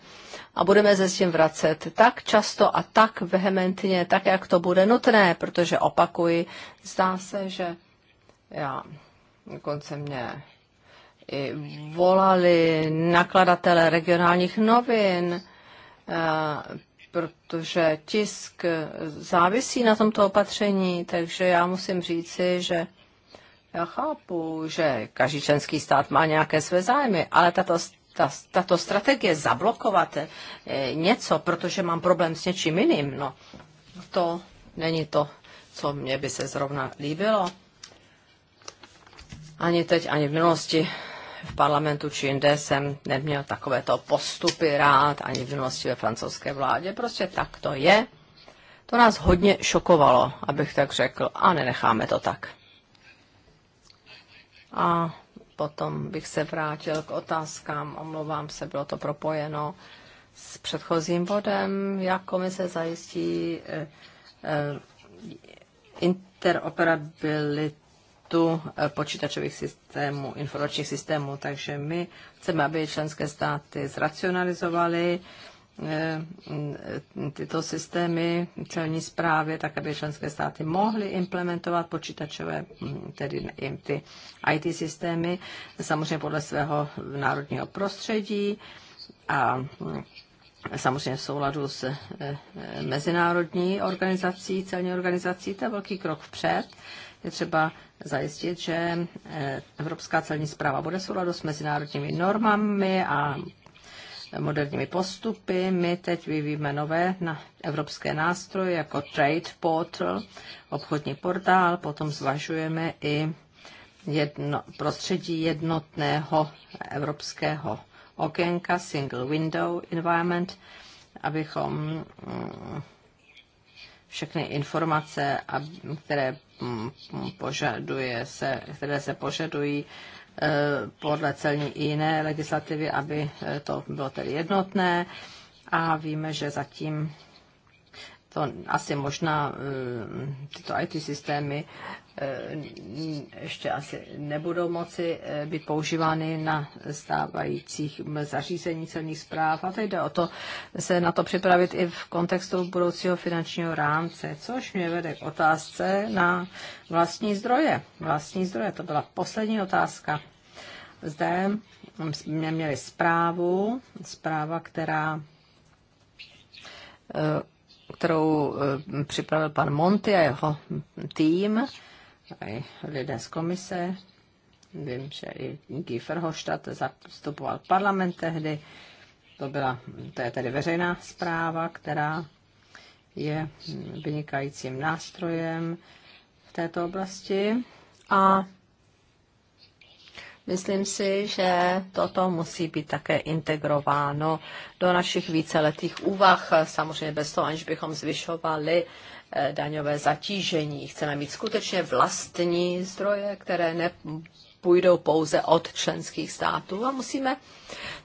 a budeme se s tím vracet tak často a tak vehementně, tak jak to bude nutné, protože opakuji, zdá se, že já dokonce mě i volali nakladatele regionálních novin, eh, protože tisk závisí na tomto opatření, takže já musím říci, že já chápu, že každý členský stát má nějaké své zájmy, ale tato, ta, tato strategie zablokovat eh, něco, protože mám problém s něčím jiným, no, to není to, co mě by se zrovna líbilo. Ani teď, ani v minulosti v parlamentu či jinde jsem neměl takovéto postupy rád, ani v minulosti ve francouzské vládě. Prostě tak to je. To nás hodně šokovalo, abych tak řekl, a nenecháme to tak. A potom bych se vrátil k otázkám, omlouvám se, bylo to propojeno s předchozím bodem, jak komise zajistí eh, eh, interoperabilitu eh, počítačových systémů, informačních systémů. Takže my chceme, aby členské státy zracionalizovaly Eh, tyto systémy celní zprávy, tak aby členské státy mohly implementovat počítačové, hm, tedy i ty IT systémy, samozřejmě podle svého národního prostředí a hm, samozřejmě v souladu s eh, mezinárodní organizací, celní organizací, to je velký krok vpřed. Je třeba zajistit, že eh, Evropská celní zpráva bude souladu s mezinárodními normami a moderními postupy. My teď vyvíjíme nové na evropské nástroje jako Trade Portal, obchodní portál, potom zvažujeme i jedno, prostředí jednotného evropského okénka, single window environment, abychom mm, všechny informace, které mm, požaduje se, které se požadují, Eh, podle celní i jiné legislativy, aby eh, to bylo tedy jednotné. A víme, že zatím to asi možná eh, tyto IT systémy eh, ještě asi nebudou moci eh, být používány na stávajících zařízení celních zpráv. A teď jde o to se na to připravit i v kontextu budoucího finančního rámce, což mě vede k otázce na vlastní zdroje. Vlastní zdroje, to byla poslední otázka. Zde jsme měli zprávu, zpráva, která kterou eh, připravil pan Monty a jeho tým, i lidé z komise. Vím, že i Guy Verhofstadt zastupoval parlament tehdy. To, byla, to je tedy veřejná zpráva, která je vynikajícím nástrojem v této oblasti. A Myslím si, že toto musí být také integrováno do našich víceletých úvah, samozřejmě bez toho, aniž bychom zvyšovali eh, daňové zatížení. Chceme mít skutečně vlastní zdroje, které ne půjdou pouze od členských států a musíme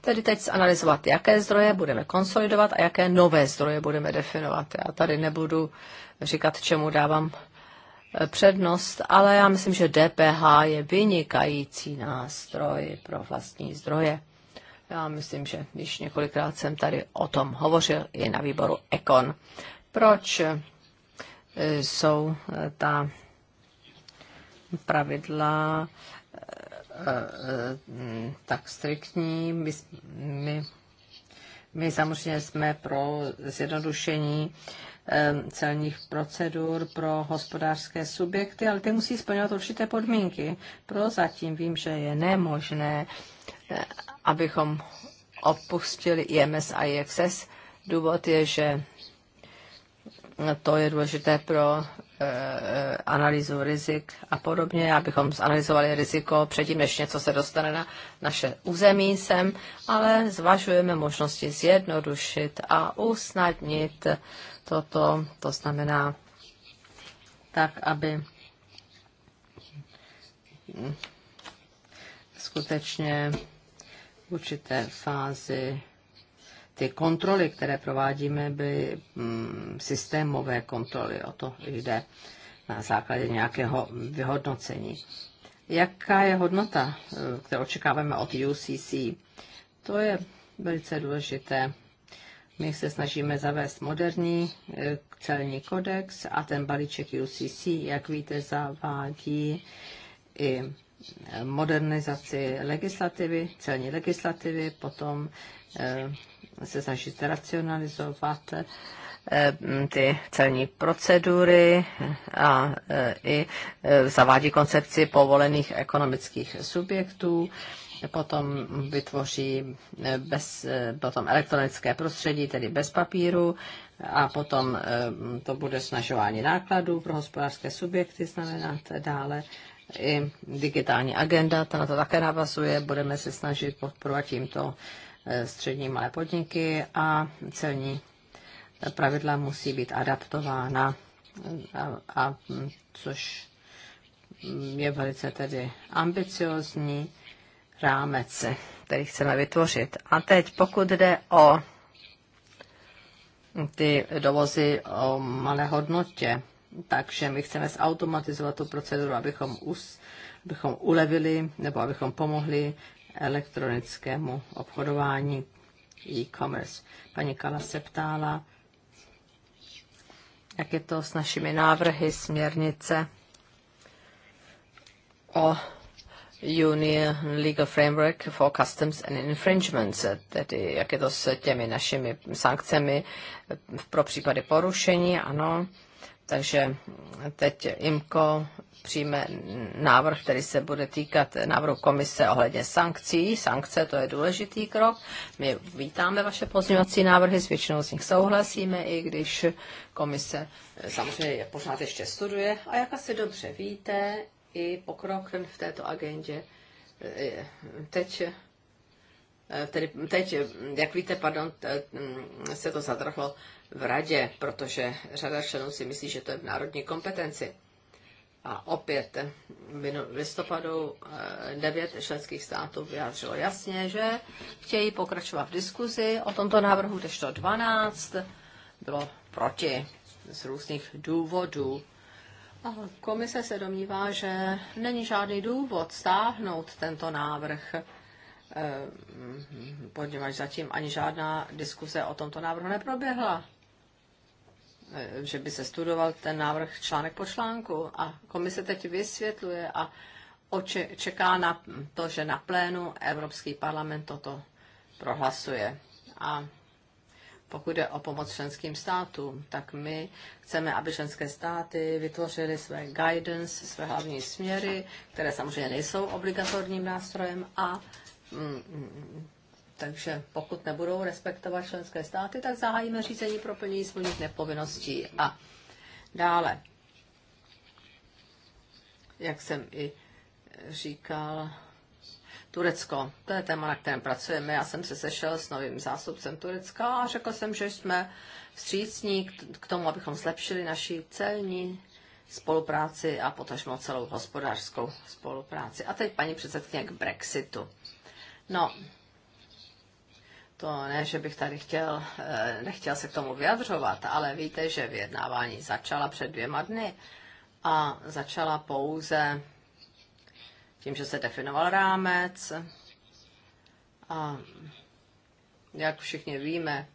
tedy teď zanalizovat, jaké zdroje budeme konsolidovat a jaké nové zdroje budeme definovat. Já tady nebudu říkat, čemu dávám přednost, ale já myslím, že DPH je vynikající nástroj pro vlastní zdroje. Já myslím, že již několikrát jsem tady o tom hovořil i na výboru Ekon. Proč e, jsou e, ta pravidla e, tak striktní? My, my, my samozřejmě jsme pro zjednodušení celních procedur pro hospodářské subjekty, ale ty musí splňovat určité podmínky. Prozatím vím, že je nemožné, eh, abychom opustili IMS a IXS. Důvod je, že to je důležité pro Eh, eh, analýzu rizik a podobně, abychom zanalizovali riziko předtím, než něco se dostane na naše území sem, ale zvažujeme možnosti zjednodušit a usnadnit toto, to znamená tak, aby skutečně v určité fázi ty kontroly, které provádíme, byly mm, systémové kontroly, o to jde na základě nějakého vyhodnocení. Jaká je hodnota, eh, kterou očekáváme od UCC? To je velice důležité. My se snažíme zavést moderní eh, celní kodex a ten balíček UCC, jak víte, zavádí i eh, modernizaci legislativy, celní legislativy, potom se snažit racionalizovat eh, mm, ty celní procedury a eh, i eh, zavádí koncepci povolených ekonomických subjektů, potom vytvoří bez, potom elektronické prostředí, tedy bez papíru, a potom mm, to bude snažování nákladů pro hospodářské subjekty znamenat dále i digitální agenda, ta na to také navazuje, budeme se snažit podporovat tímto Eh, střední malé podniky a celní pravidla musí být adaptována, a, a, což je velice tedy ambiciozní rámec, který chceme vytvořit. A teď, pokud jde o ty dovozy o malé hodnotě, takže my chceme zautomatizovat tu proceduru, abychom, us, abychom ulevili nebo abychom pomohli elektronickému obchodování e-commerce. Paní Kala se ptála, jak je to s našimi návrhy směrnice o Union Legal Framework for Customs and Infringements, tedy jak je to s těmi našimi sankcemi pro případy porušení, ano. Takže teď IMCO přijme návrh, který se bude týkat návrhu komise ohledně sankcí. Sankce to je důležitý krok. My vítáme vaše pozměňovací návrhy, s většinou z nich souhlasíme, i když komise eh, samozřejmě je pořád ještě studuje. A jak asi dobře víte, i pokrok v této agendě eh, teď eh, Tedy teď, jak víte, pardon, se to zadrhlo v radě, protože řada členů si myslí, že to je v národní kompetenci. A opět v listopadu eh, devět členských států vyjádřilo jasně, že chtějí pokračovat v diskuzi o tomto návrhu, kdežto 12 bylo proti z různých důvodů. A komise se domnívá, že není žádný důvod stáhnout tento návrh, eh, poněvadž zatím ani žádná diskuze o tomto návrhu neproběhla. Eh, že by se studoval ten návrh článek po článku a komise teď vysvětluje a oče, čeká na to, že na plénu Evropský parlament toto prohlasuje. A pokud jde o pomoc členským státům, tak my chceme, aby členské státy vytvořily své guidance, své hlavní směry, které samozřejmě nejsou obligatorním nástrojem a mm, mm, takže pokud nebudou respektovat členské státy, tak zahájíme řízení pro plnění smluvních nepovinností. A dále, jak jsem i říkal, Turecko, to je téma, na kterém pracujeme. Já jsem se sešel s novým zástupcem Turecka a řekl jsem, že jsme vstřícní k tomu, abychom zlepšili naši celní spolupráci a potažmo celou hospodářskou spolupráci. A teď paní předsedkyně k Brexitu. No, to ne, že bych tady chtěl, eh, nechtěl se k tomu vyjadřovat, ale víte, že vyjednávání začala před dvěma dny a začala pouze tím, že se definoval rámec a jak všichni víme,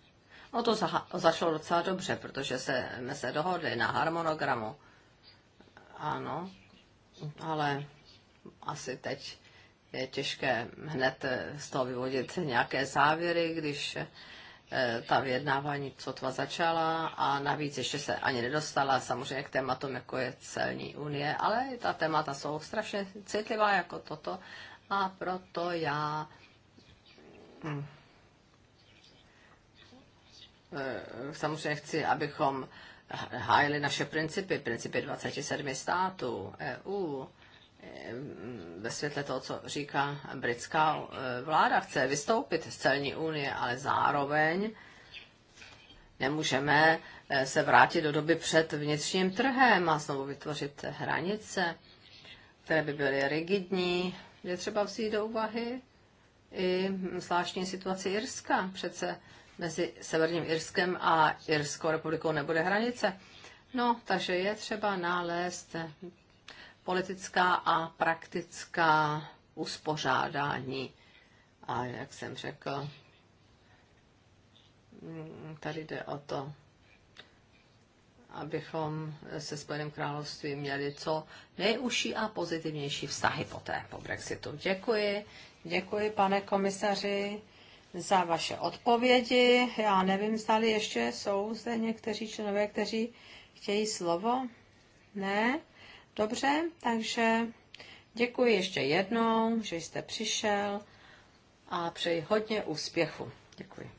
no to začalo docela dobře, protože se, jsme se dohodli na harmonogramu. Ano, ale asi teď je těžké hned eh, z toho vyvodit nějaké závěry, když eh, ta vyjednávání sotva začala a navíc ještě se ani nedostala samozřejmě k tématům, jako je celní unie, ale ta témata jsou strašně citlivá jako toto a proto já hm, eh, samozřejmě chci, abychom hájili naše principy, principy 27 států EU, ve světle toho, co říká britská eh, vláda, chce vystoupit z celní unie, ale zároveň nemůžeme eh, se vrátit do doby před vnitřním trhem a znovu vytvořit hranice, které by byly rigidní. Je třeba vzít do úvahy i zvláštní situaci Irska. Přece mezi Severním Irskem a Irskou republikou nebude hranice. No, takže je třeba nalézt politická a praktická uspořádání. A jak jsem řekl, mm, tady jde o to, abychom se Spojeným královstvím měli co nejužší a pozitivnější vztahy poté po Brexitu. Děkuji, děkuji pane komisaři za vaše odpovědi. Já nevím, zdali ještě jsou zde někteří členové, kteří chtějí slovo. Ne? Dobře, takže děkuji ještě jednou, že jste přišel a přeji hodně úspěchu. Děkuji.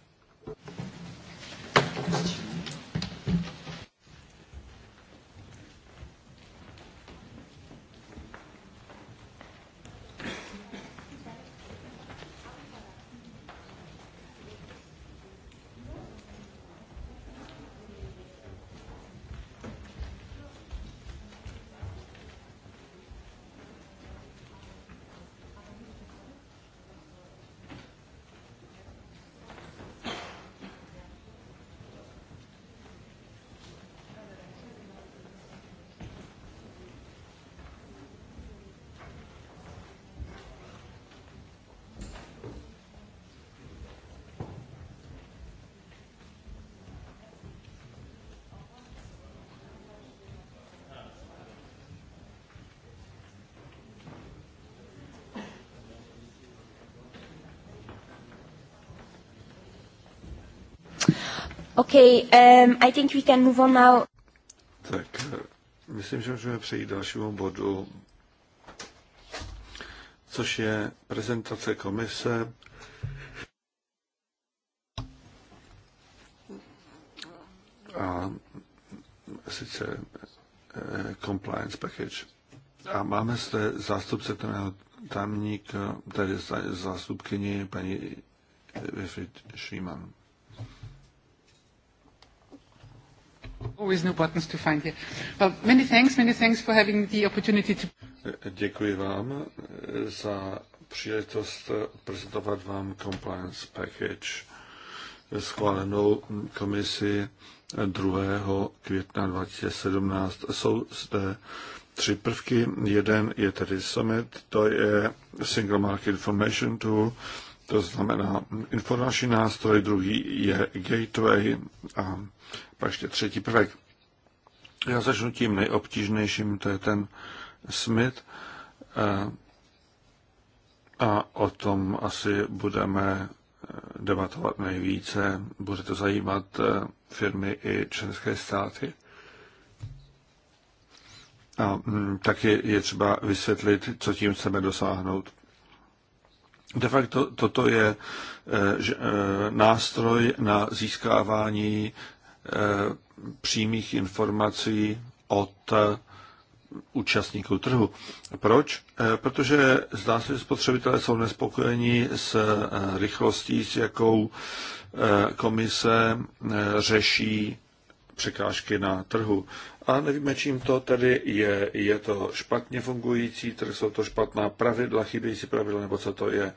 Okay, um, I think we can move on now. Tak, eh, myslím, že můžeme přejít dalšímu bodu, což je prezentace komise a sice eh, compliance package. A máme zde zástupce tamník, eh, tady zástupkyni paní Wilfried Schiemann. Always new buttons to find here. Well, many thanks, many thanks for having the opportunity to... Děkuji vám eh, za příležitost eh, prezentovat vám compliance package schválenou komisi 2. května 2017. Jsou zde tři prvky. Jeden je tedy summit, to je Single Market Information Tool, to znamená informační nástroj, druhý je gateway a pak ještě třetí prvek. Já začnu tím nejobtížnějším, to je ten Smith. Eh, a o tom asi budeme eh, debatovat nejvíce. Bude to zajímat eh, firmy i členské státy. A mm, taky je třeba vysvětlit, co tím chceme dosáhnout. De facto toto je eh, eh, nástroj na získávání eh, přímých informací od účastníků trhu. Proč? Protože zdá se, že spotřebitelé jsou nespokojeni s rychlostí, s jakou komise řeší překážky na trhu. A nevíme, čím to tedy je. Je to špatně fungující trh, jsou to špatná pravidla, chybějící pravidla, nebo co to je.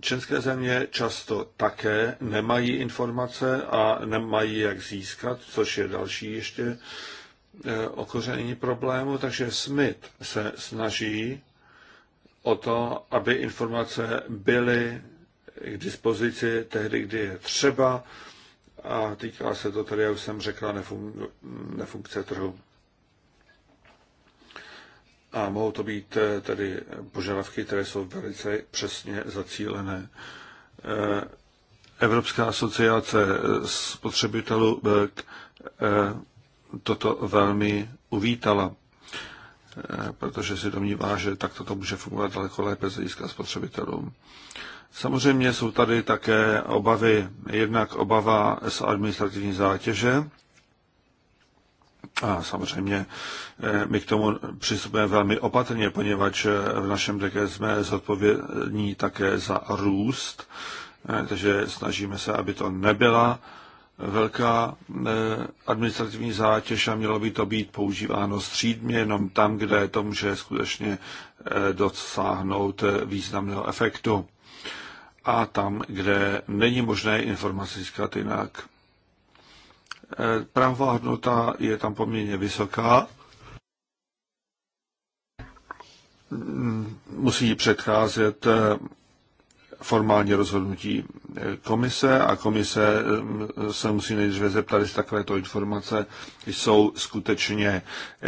Členské země často také nemají informace a nemají jak získat, což je další ještě eh, okoření problému, takže SMIT se snaží o to, aby informace byly k dispozici tehdy, kdy je třeba, a týká se to tady, jak už jsem řekla, nefun, nefunkce trhu. A mohou to být eh, tedy požadavky, které jsou velice přesně zacílené. Eh, Evropská asociace eh, spotřebitelů toto velmi uvítala, protože si domnívá, že takto to může fungovat daleko lépe z hlediska spotřebitelům. Samozřejmě jsou tady také obavy, jednak obava z administrativní zátěže. A samozřejmě eh, my k tomu přistupujeme velmi opatrně, poněvadž eh, v našem deke jsme zodpovědní také za růst, eh, takže snažíme se, aby to nebyla velká administrativní zátěž a mělo by to být používáno střídmě jenom tam, kde to může skutečně dosáhnout významného efektu a tam, kde není možné informace získat jinak. E, Pravá hodnota je tam poměrně vysoká. Mm, musí předcházet e, formální rozhodnutí e, komise a komise se musí nejdříve zeptat, jestli takovéto informace jsou skutečně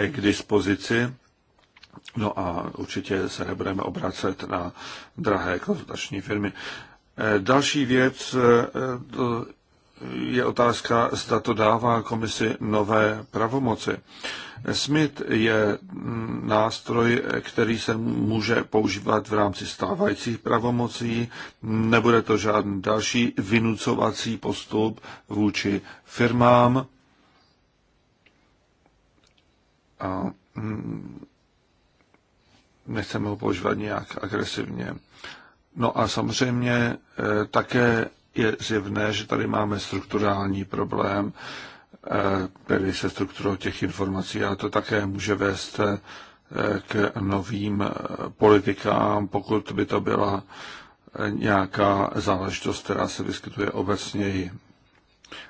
k dispozici. No a určitě se nebudeme obracet na drahé konzultační firmy. Eh, další věc eh, eh, je otázka, zda to dává komisi nové pravomoci. SMIT je mm, nástroj, který se může používat v rámci stávajících pravomocí. Nebude to žádný další vynucovací postup vůči firmám. A mm, nechceme ho používat nějak agresivně. No a samozřejmě eh, také je zjevné, že tady máme strukturální problém, eh, tedy se strukturou těch informací, ale to také může vést eh, k novým politikám, pokud by to byla nějaká záležitost, která se vyskytuje obecněji.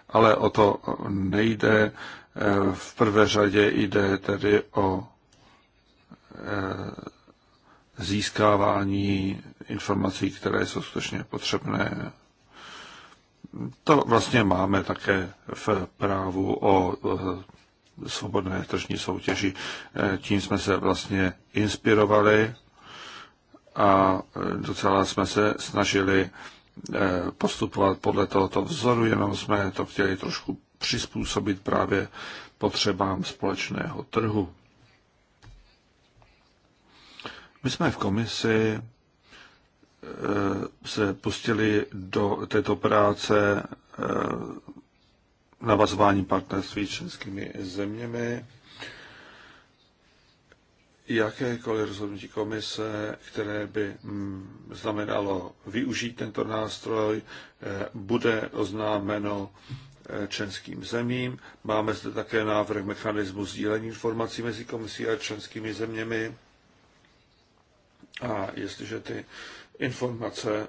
Ale o to nejde. V prvé řadě jde tedy o získávání informací, které jsou skutečně potřebné. To vlastně máme také v právu o svobodné tržní soutěži. Tím jsme se vlastně inspirovali a docela jsme se snažili eh, postupovat podle tohoto vzoru, jenom jsme to chtěli trošku přizpůsobit právě potřebám společného trhu. My jsme v komisi Eh, se pustili do této práce eh, navazování partnerství s českými zeměmi. Jakékoliv rozhodnutí komise, které by mm, znamenalo využít tento nástroj, eh, bude oznámeno členským zemím. Máme zde také návrh mechanismu sdílení informací mezi komisí a členskými zeměmi. A jestliže ty Informace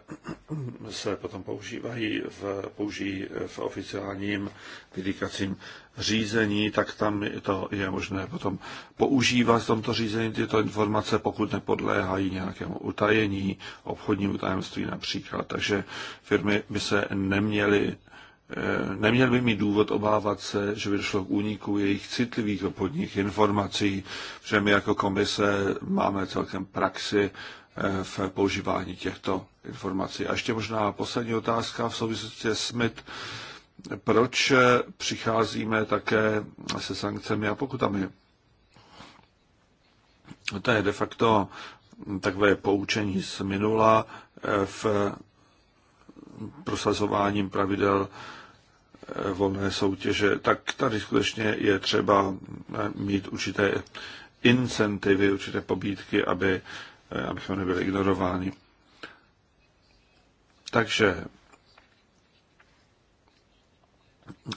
se potom používají v, použijí v oficiálním vydýkacím řízení, tak tam to je možné potom používat v tomto řízení tyto informace, pokud nepodléhají nějakému utajení, obchodnímu tajemství například. Takže firmy by se neměly eh, neměl by mít důvod obávat se, že by došlo k úniku jejich citlivých obchodních informací, protože my jako komise máme celkem praxi Eh, v používání těchto informací. A ještě možná poslední otázka v souvislosti s SMIT. Proč eh, přicházíme také se sankcemi a pokutami? To je de facto takové poučení z minula eh, v prosazováním pravidel volné soutěže, tak tady skutečně je třeba mít určité incentivy, určité pobídky, aby Eh, abychom nebyli ignorováni. Takže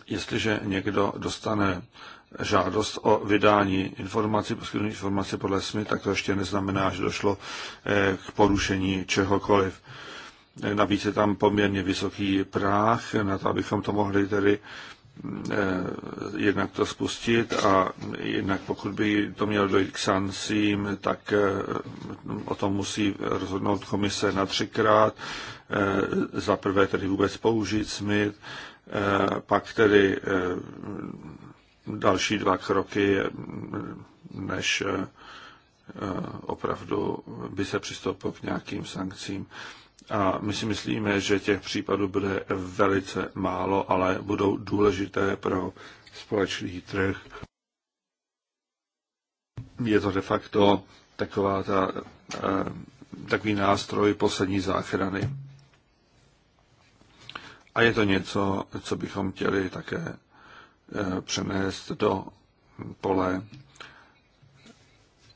jestliže někdo dostane žádost o vydání informací, poskytnutí informace podle SMI, tak to ještě neznamená, že došlo eh, k porušení čehokoliv. Eh, navíc je tam poměrně vysoký práh na to, abychom to mohli tedy Eh, jednak to spustit a jednak pokud by to mělo dojít k sankcím, tak eh, o tom musí rozhodnout komise na třikrát. Eh, za prvé tedy vůbec použít SMIT, pak tedy další dva kroky, než opravdu by se přistoupil k nějakým sankcím. A my si myslíme, že těch případů bude velice málo, ale budou důležité pro společný trh. Je to de facto taková ta, eh, takový nástroj poslední záchrany. A je to něco, co bychom chtěli také eh, přenést do pole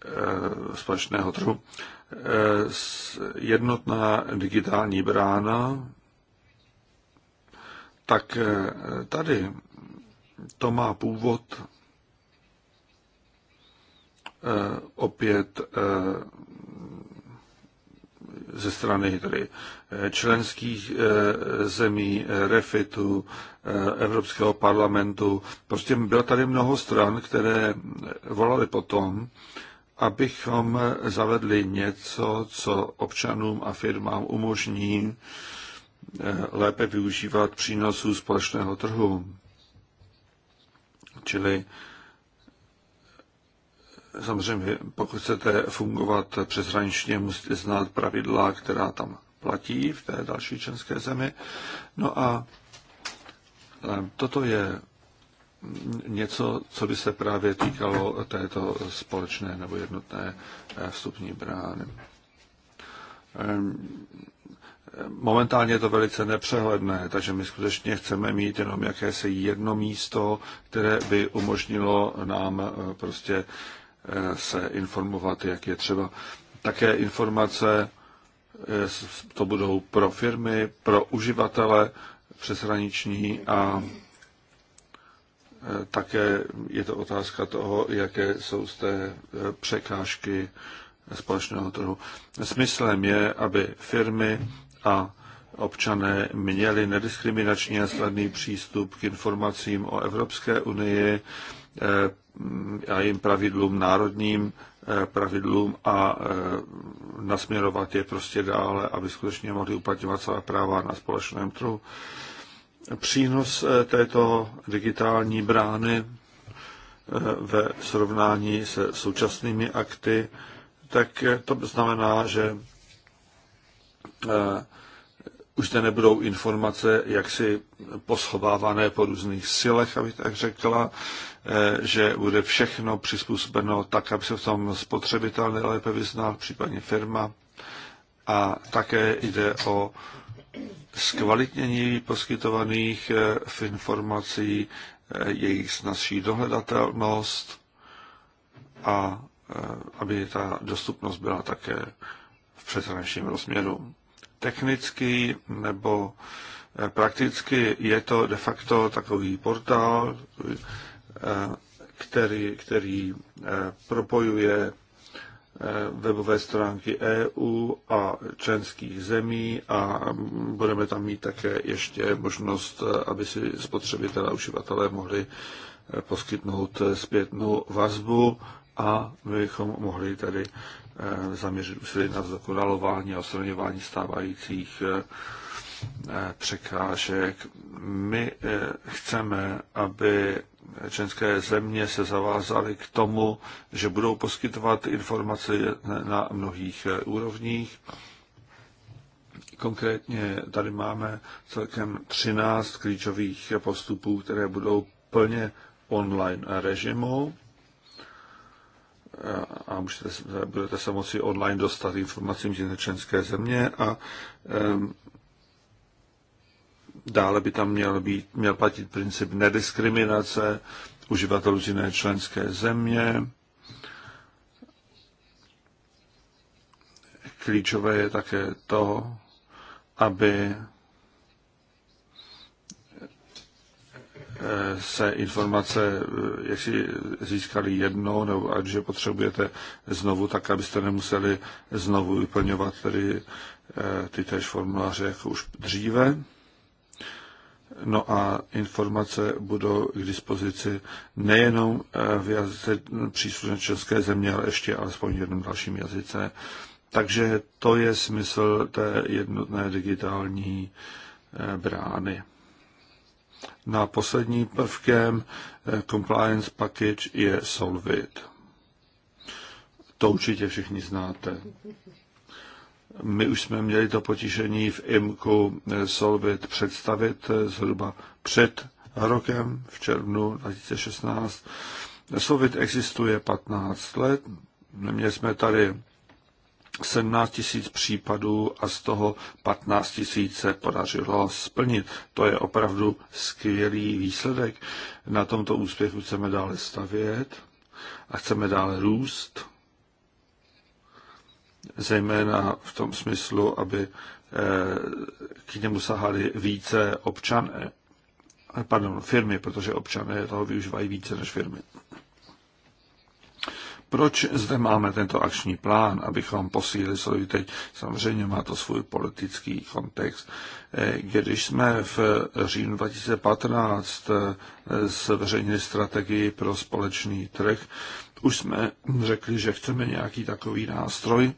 eh, společného trhu. Eh, jednotná digitální brána, tak eh, tady to má původ eh, opět ze strany tedy členských zemí, refitu, Evropského parlamentu. Prostě bylo tady mnoho stran, které volaly potom, tom, abychom zavedli něco, co občanům a firmám umožní eh, lépe využívat přínosů společného trhu. Čili samozřejmě, pokud chcete fungovat přeshraničně, musíte znát pravidla, která tam platí v té další členské zemi. No a eh, toto je něco, co by se právě týkalo této společné nebo jednotné eh, vstupní brány. Ehm, momentálně je to velice nepřehledné, takže my skutečně chceme mít jenom jakési jedno místo, které by umožnilo nám eh, prostě eh, se informovat, jak je třeba. Také informace to budou pro firmy, pro uživatele přeshraniční a Eh, také je to otázka toho, jaké jsou z té eh, překážky společného trhu. Smyslem je, aby firmy a občané měli nediskriminační a sladný přístup k informacím o Evropské unii eh, mm, a jim pravidlům, národním pravidlům a nasměrovat je prostě dále, aby skutečně mohli uplatňovat svá práva na společném trhu přínos eh, této digitální brány eh, ve srovnání se současnými akty, tak eh, to znamená, že už zde nebudou informace jaksi poschovávané po různých silech, aby tak řekla, že bude všechno přizpůsobeno tak, aby se v tom spotřebitel nejlépe vyznal, případně firma. A také jde o zkvalitnění poskytovaných eh, informací, eh, jejich snazší dohledatelnost a eh, aby ta dostupnost byla také v přeshraničním rozměru. Technicky nebo prakticky je to de facto takový portál, který, který propojuje Eh, webové stránky EU a členských zemí a budeme tam mít také ještě možnost, eh, aby si spotřebitelé a uživatelé mohli eh, poskytnout zpětnou vazbu a my bychom mohli tady zaměřit úsilí na zdokonalování a osilňování stávajících překážek. My chceme, aby členské země se zavázaly k tomu, že budou poskytovat informace na mnohých eh, úrovních. Konkrétně tady máme celkem 13 klíčových postupů, které budou plně online režimu eh, a můžete, budete se moci online dostat informacím z jiné členské země a eh, Dále by tam měl, být, měl platit princip nediskriminace uživatelů z jiné členské země. Klíčové je také to, aby eh, se informace, eh, jak si získali jednou, nebo ať, že potřebujete znovu, tak abyste nemuseli znovu vyplňovat tedy eh, ty též formuláře jako už dříve. No a informace budou k dispozici nejenom eh, v jazyce příslušné české země, ale ještě alespoň v jednom dalším jazyce. Takže to je smysl té jednotné digitální eh, brány. Na poslední prvkem eh, compliance package je Solvit. To určitě všichni znáte. My už jsme měli to potišení v IMKU eh, Solvit představit eh, zhruba před rokem, v červnu 2016. Solvit existuje 15 let. Měli jsme tady 17 tisíc případů a z toho 15 tisíc se podařilo splnit. To je opravdu skvělý výsledek. Na tomto úspěchu chceme dále stavět a chceme dále růst zejména v tom smyslu, aby eh, k němu sahali více občané, eh, pardon, firmy, protože občané toho využívají více než firmy. Proč zde máme tento akční plán, abychom posílili svoji teď? Samozřejmě má to svůj politický kontext. Eh, když jsme v říjnu 2015 zveřejnili strategii pro společný trh, už jsme řekli, že chceme nějaký takový nástroj,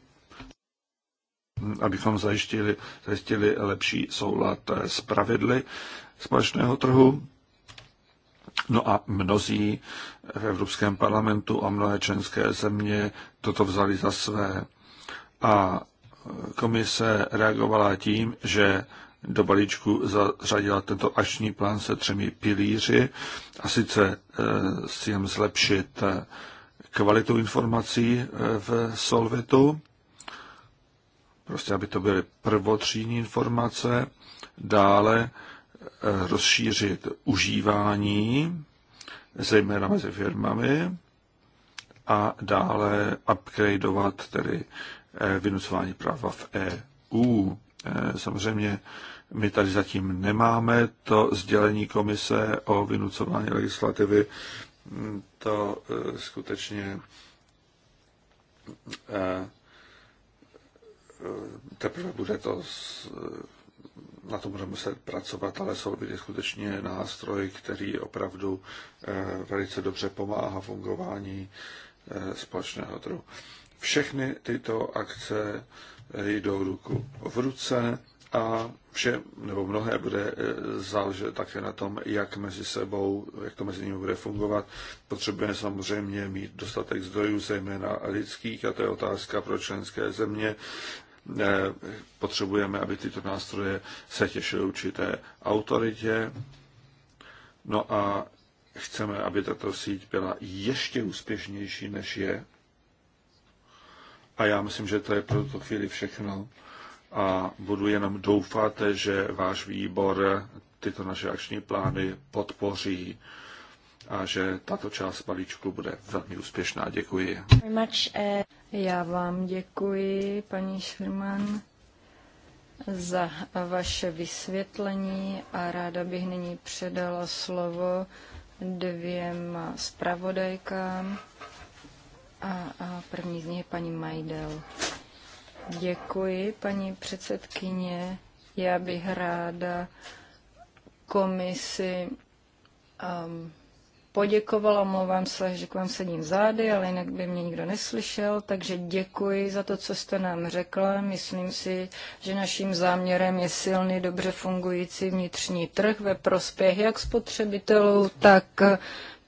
Hm, abychom zajistili, zajistili lepší soulad eh, s pravidly společného trhu. No a mnozí v Evropském parlamentu a mnohé členské země toto vzali za své. A eh, komise reagovala tím, že do balíčku zařadila tento ační plán se třemi pilíři, a sice eh, s cílem zlepšit kvalitu informací v Solvitu, prostě aby to byly prvotřídní informace, dále eh, rozšířit užívání, zejména mezi firmami, a dále upgradeovat tedy eh, vynucování práva v EU. Eh, samozřejmě my tady zatím nemáme to sdělení komise o vynucování legislativy. Hmm, to skutečně Eh, teprve bude to, eh, na tom budeme se pracovat, ale jsou je skutečně nástroj, který opravdu eh, velice dobře pomáhá fungování společného trhu. Všechny tyto akce jdou ruku v ruce a vše, nebo mnohé bude záležet také na tom, jak mezi sebou, jak to mezi nimi bude fungovat. Potřebujeme samozřejmě mít dostatek zdrojů, zejména lidských, a to je otázka pro členské země. Eh, potřebujeme, aby tyto nástroje se těšily určité autoritě. No a chceme, aby tato síť byla ještě úspěšnější, než je. A já myslím, že to je pro tuto chvíli všechno. A budu jenom doufat, že váš výbor tyto naše akční plány podpoří a že tato část balíčku bude velmi úspěšná. Děkuji. Eh, já vám děkuji, paní Švirman, za vaše vysvětlení a ráda bych nyní předala slovo dvěma zpravodajkám. A, a první z nich je paní Majdel. Děkuji, paní předsedkyně. Já bych ráda komisi um, poděkovala, omlouvám se, že k vám sedím zády, ale jinak by mě nikdo neslyšel, takže děkuji za to, co jste nám řekla. Myslím si, že naším záměrem je silný, dobře fungující vnitřní trh ve prospěch jak spotřebitelů, tak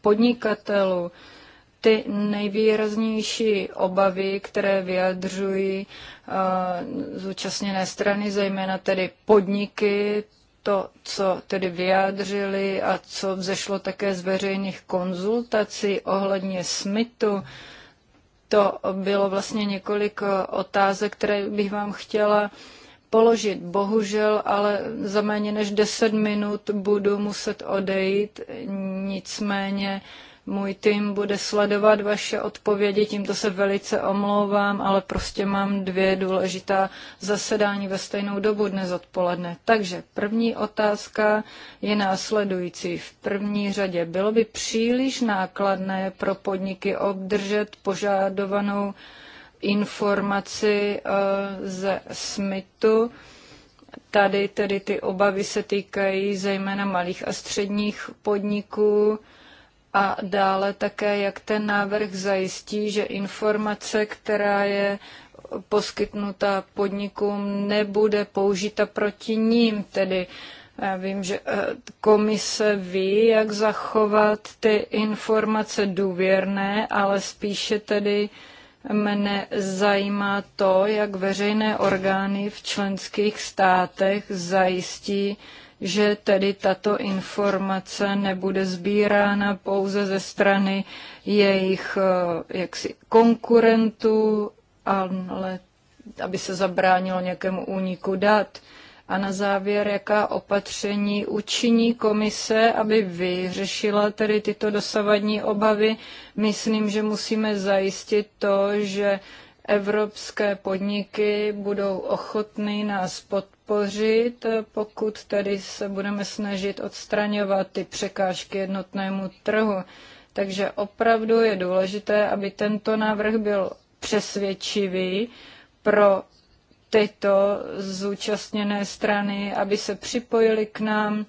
podnikatelů. Ty nejvýraznější obavy, které vyjadřují eh, zúčastněné strany, zejména tedy podniky, to, co tedy vyjádřili a co vzešlo také z veřejných konzultací ohledně SMITu, to bylo vlastně několik otázek, které bych vám chtěla položit. Bohužel, ale za méně než 10 minut budu muset odejít. Nicméně uh, můj tým bude sledovat vaše odpovědi, tímto se velice omlouvám, ale prostě mám dvě důležitá zasedání ve stejnou dobu dnes odpoledne. Takže první otázka je následující. V první řadě bylo by příliš nákladné pro podniky obdržet požádovanou informaci eh, ze SMITu. Tady tedy ty obavy se týkají zejména malých a středních podniků a dále také, jak ten návrh zajistí, že informace, která je poskytnuta podnikům, nebude použita proti ním, tedy já vím, že eh, komise ví, jak zachovat ty informace důvěrné, ale spíše tedy mne zajímá to, jak veřejné orgány v členských státech zajistí, že tedy tato informace nebude sbírána pouze ze strany jejich eh, jaksi, konkurentů, ale aby se zabránilo nějakému úniku dat. A na závěr, jaká opatření učiní komise, aby vyřešila tedy tyto dosavadní obavy. Myslím, že musíme zajistit to, že evropské podniky budou ochotny nás podpořit, pokud tedy se budeme snažit odstraňovat ty překážky jednotnému trhu. Takže opravdu je důležité, aby tento návrh byl přesvědčivý pro tyto zúčastněné strany, aby se připojili k nám,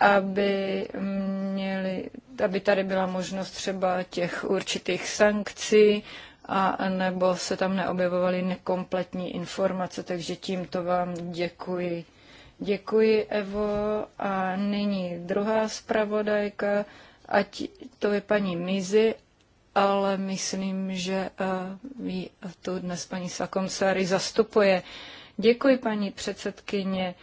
aby, měli, aby tady byla možnost třeba těch určitých sankcí, a nebo se tam neobjevovaly nekompletní informace, takže tímto vám děkuji. Děkuji, Evo. A nyní druhá zpravodajka, ať to je paní Mizi, ale myslím, že eh, ví, tu dnes paní Sakomsary zastupuje. Děkuji, paní předsedkyně.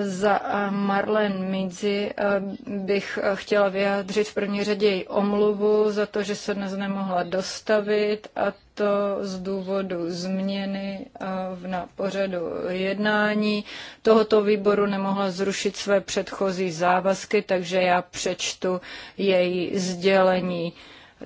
Za Marlen Midzi eh, bych chtěla vyjádřit v první řadě její omluvu za to, že se dnes nemohla dostavit a to z důvodu změny eh, na pořadu jednání tohoto výboru nemohla zrušit své předchozí závazky, takže já přečtu její sdělení.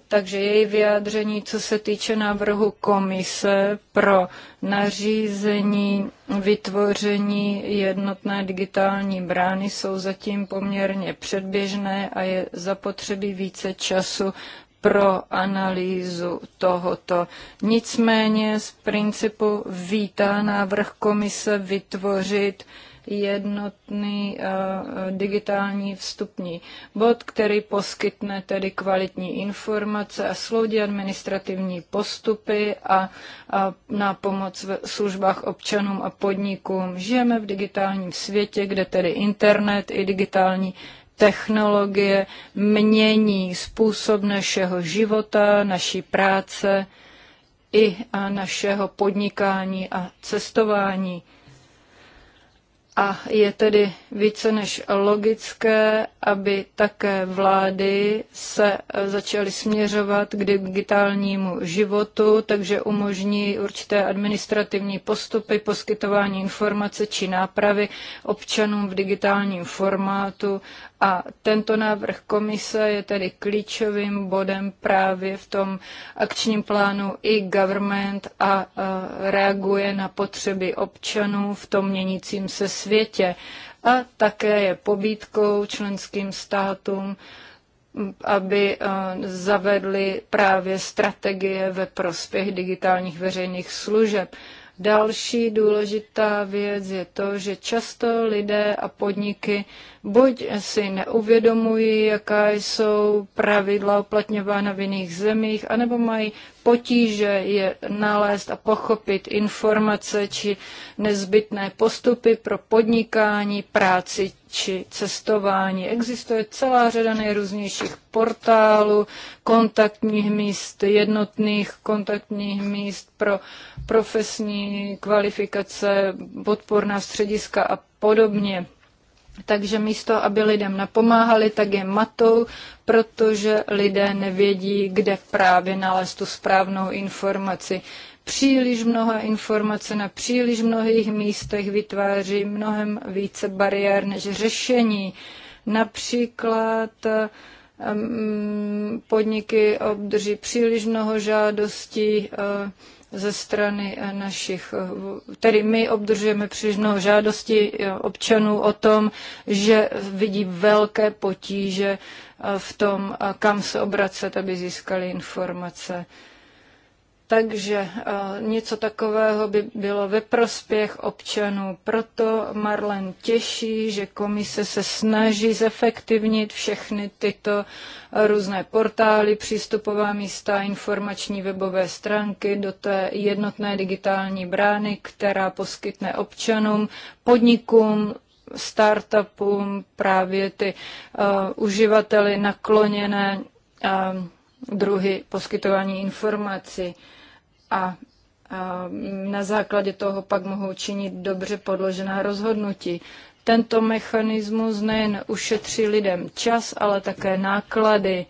Takže její vyjádření, co se týče návrhu komise pro nařízení vytvoření jednotné digitální brány, jsou zatím poměrně předběžné a je zapotřebí více času pro analýzu tohoto. Nicméně z principu vítá návrh komise vytvořit uh, jednotný eh, digitální vstupní bod, který poskytne tedy kvalitní informace a sloudí administrativní postupy a, a na pomoc v službách občanům a podnikům. Žijeme v digitálním světě, kde tedy internet i digitální technologie mění způsob našeho života, naší práce i našeho podnikání a cestování. A je tedy více než logické, aby také vlády se začaly směřovat k digitálnímu životu, takže umožní určité administrativní postupy, poskytování informace či nápravy občanům v digitálním formátu a tento návrh komise je tedy klíčovým bodem právě v tom akčním plánu i government a reaguje na potřeby občanů v tom měnícím se světě. A také je pobídkou členským státům, aby zavedli právě strategie ve prospěch digitálních veřejných služeb. Další důležitá věc je to, že často lidé a podniky buď si neuvědomují, jaká jsou pravidla uplatňována v jiných zemích, anebo mají potíže je nalézt a pochopit informace či nezbytné postupy pro podnikání, práci či cestování. Existuje celá řada nejrůznějších portálů, kontaktních míst, jednotných kontaktních míst pro profesní kvalifikace, podporná střediska a podobně. Takže místo, aby lidem napomáhali, tak je matou, protože lidé nevědí, kde právě nalézt tu správnou informaci. Příliš mnoha informace na příliš mnohých místech vytváří mnohem více bariér než řešení. Například podniky obdrží příliš mnoho žádostí eh, ze strany eh, našich, eh, tedy my obdržujeme příliš mnoho žádostí eh, občanů o tom, že vidí velké potíže v tom, kam se obracet, aby získali informace. Takže eh, něco takového by bylo ve prospěch občanů. Proto Marlen těší, že komise se snaží zefektivnit všechny tyto různé portály, přístupová místa, informační webové stránky do té jednotné digitální brány, která poskytne občanům, podnikům, startupům právě ty uh, uživateli nakloněné uh, druhy poskytování informací. Uh, a na základě toho pak mohou činit dobře podložená rozhodnutí. Tento mechanismus nejen ušetří lidem čas, ale také náklady.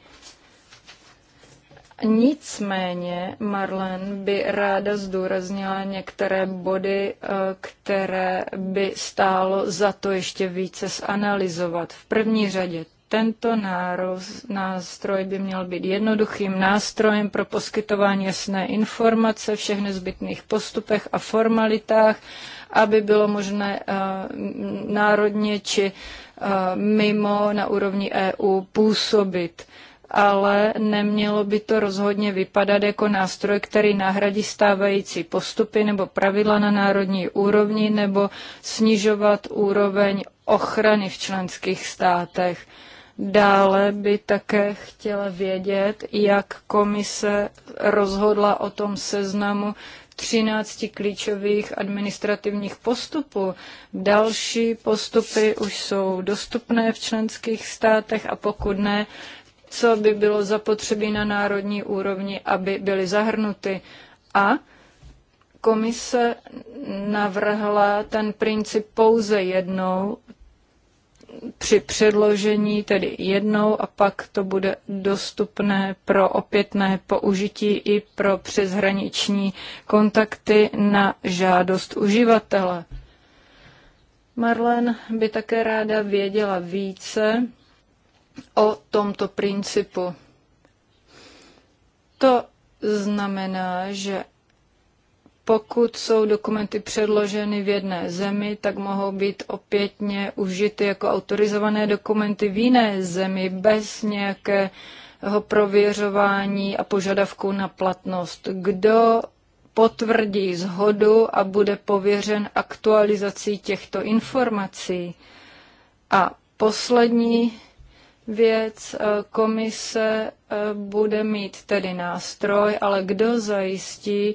Nicméně Marlen by ráda zdůraznila některé body, eh, které by stálo za to ještě více zanalizovat. V první řadě tento nástroj by měl být jednoduchým nástrojem pro poskytování jasné informace všech nezbytných postupech a formalitách, aby bylo možné eh, národně či eh, mimo na úrovni EU působit ale nemělo by to rozhodně vypadat jako nástroj, který nahradí stávající postupy nebo pravidla na národní úrovni nebo snižovat úroveň ochrany v členských státech. Dále by také chtěla vědět, jak komise rozhodla o tom seznamu 13 klíčových administrativních postupů. Další postupy už jsou dostupné v členských státech a pokud ne, co by bylo zapotřebí na národní úrovni, aby byly zahrnuty. A komise navrhla ten princip pouze jednou, při předložení tedy jednou a pak to bude dostupné pro opětné použití i pro přeshraniční kontakty na žádost uživatele. Marlen by také ráda věděla více o tomto principu. To znamená, že pokud jsou dokumenty předloženy v jedné zemi, tak mohou být opětně užity jako autorizované dokumenty v jiné zemi bez nějakého prověřování a požadavku na platnost. Kdo potvrdí zhodu a bude pověřen aktualizací těchto informací? A poslední věc, eh, komise eh, bude mít tedy nástroj, ale kdo zajistí,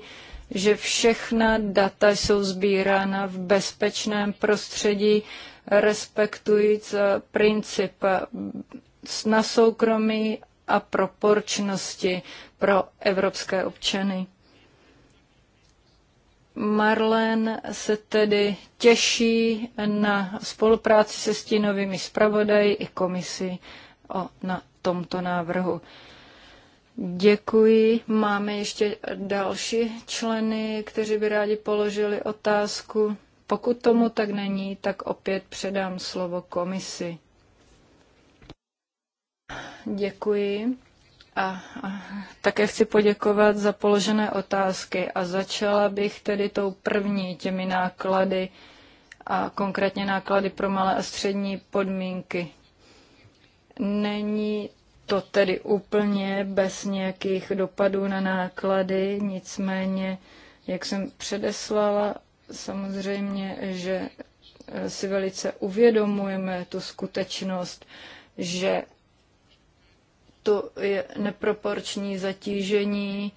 že všechna data jsou sbírána v bezpečném prostředí, respektujíc eh, princip eh, na soukromí a proporčnosti pro evropské občany. Marlen se tedy těší na spolupráci se stínovými zpravodaji i komisi o, na tomto návrhu. Děkuji. Máme ještě další členy, kteří by rádi položili otázku. Pokud tomu tak není, tak opět předám slovo komisi. Děkuji. A, a také chci poděkovat za položené otázky a začala bych tedy tou první, těmi náklady a konkrétně náklady pro malé a střední podmínky. Není to tedy úplně bez nějakých dopadů na náklady, nicméně, jak jsem předeslala, samozřejmě, že eh, si velice uvědomujeme tu skutečnost, že to je neproporční zatížení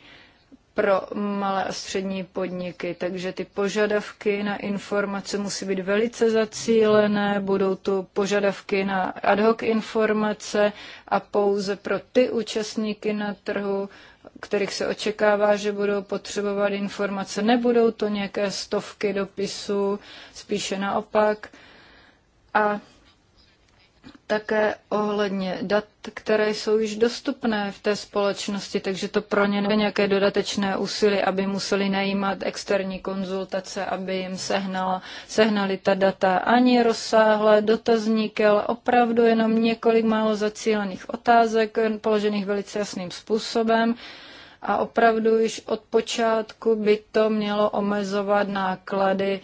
pro malé a střední podniky. Takže ty požadavky na informace musí být velice zacílené, budou tu požadavky na ad hoc informace a pouze pro ty účastníky na trhu, kterých se očekává, že budou potřebovat informace. Nebudou to nějaké stovky dopisů, spíše naopak. A také ohledně dat, které jsou již dostupné v té společnosti, takže to pro ně není nějaké dodatečné úsilí, aby museli najímat externí konzultace, aby jim sehnala, sehnali ta data ani rozsáhlé dotazníky, ale opravdu jenom několik málo zacílených otázek, položených velice jasným způsobem. A opravdu již od počátku by to mělo omezovat náklady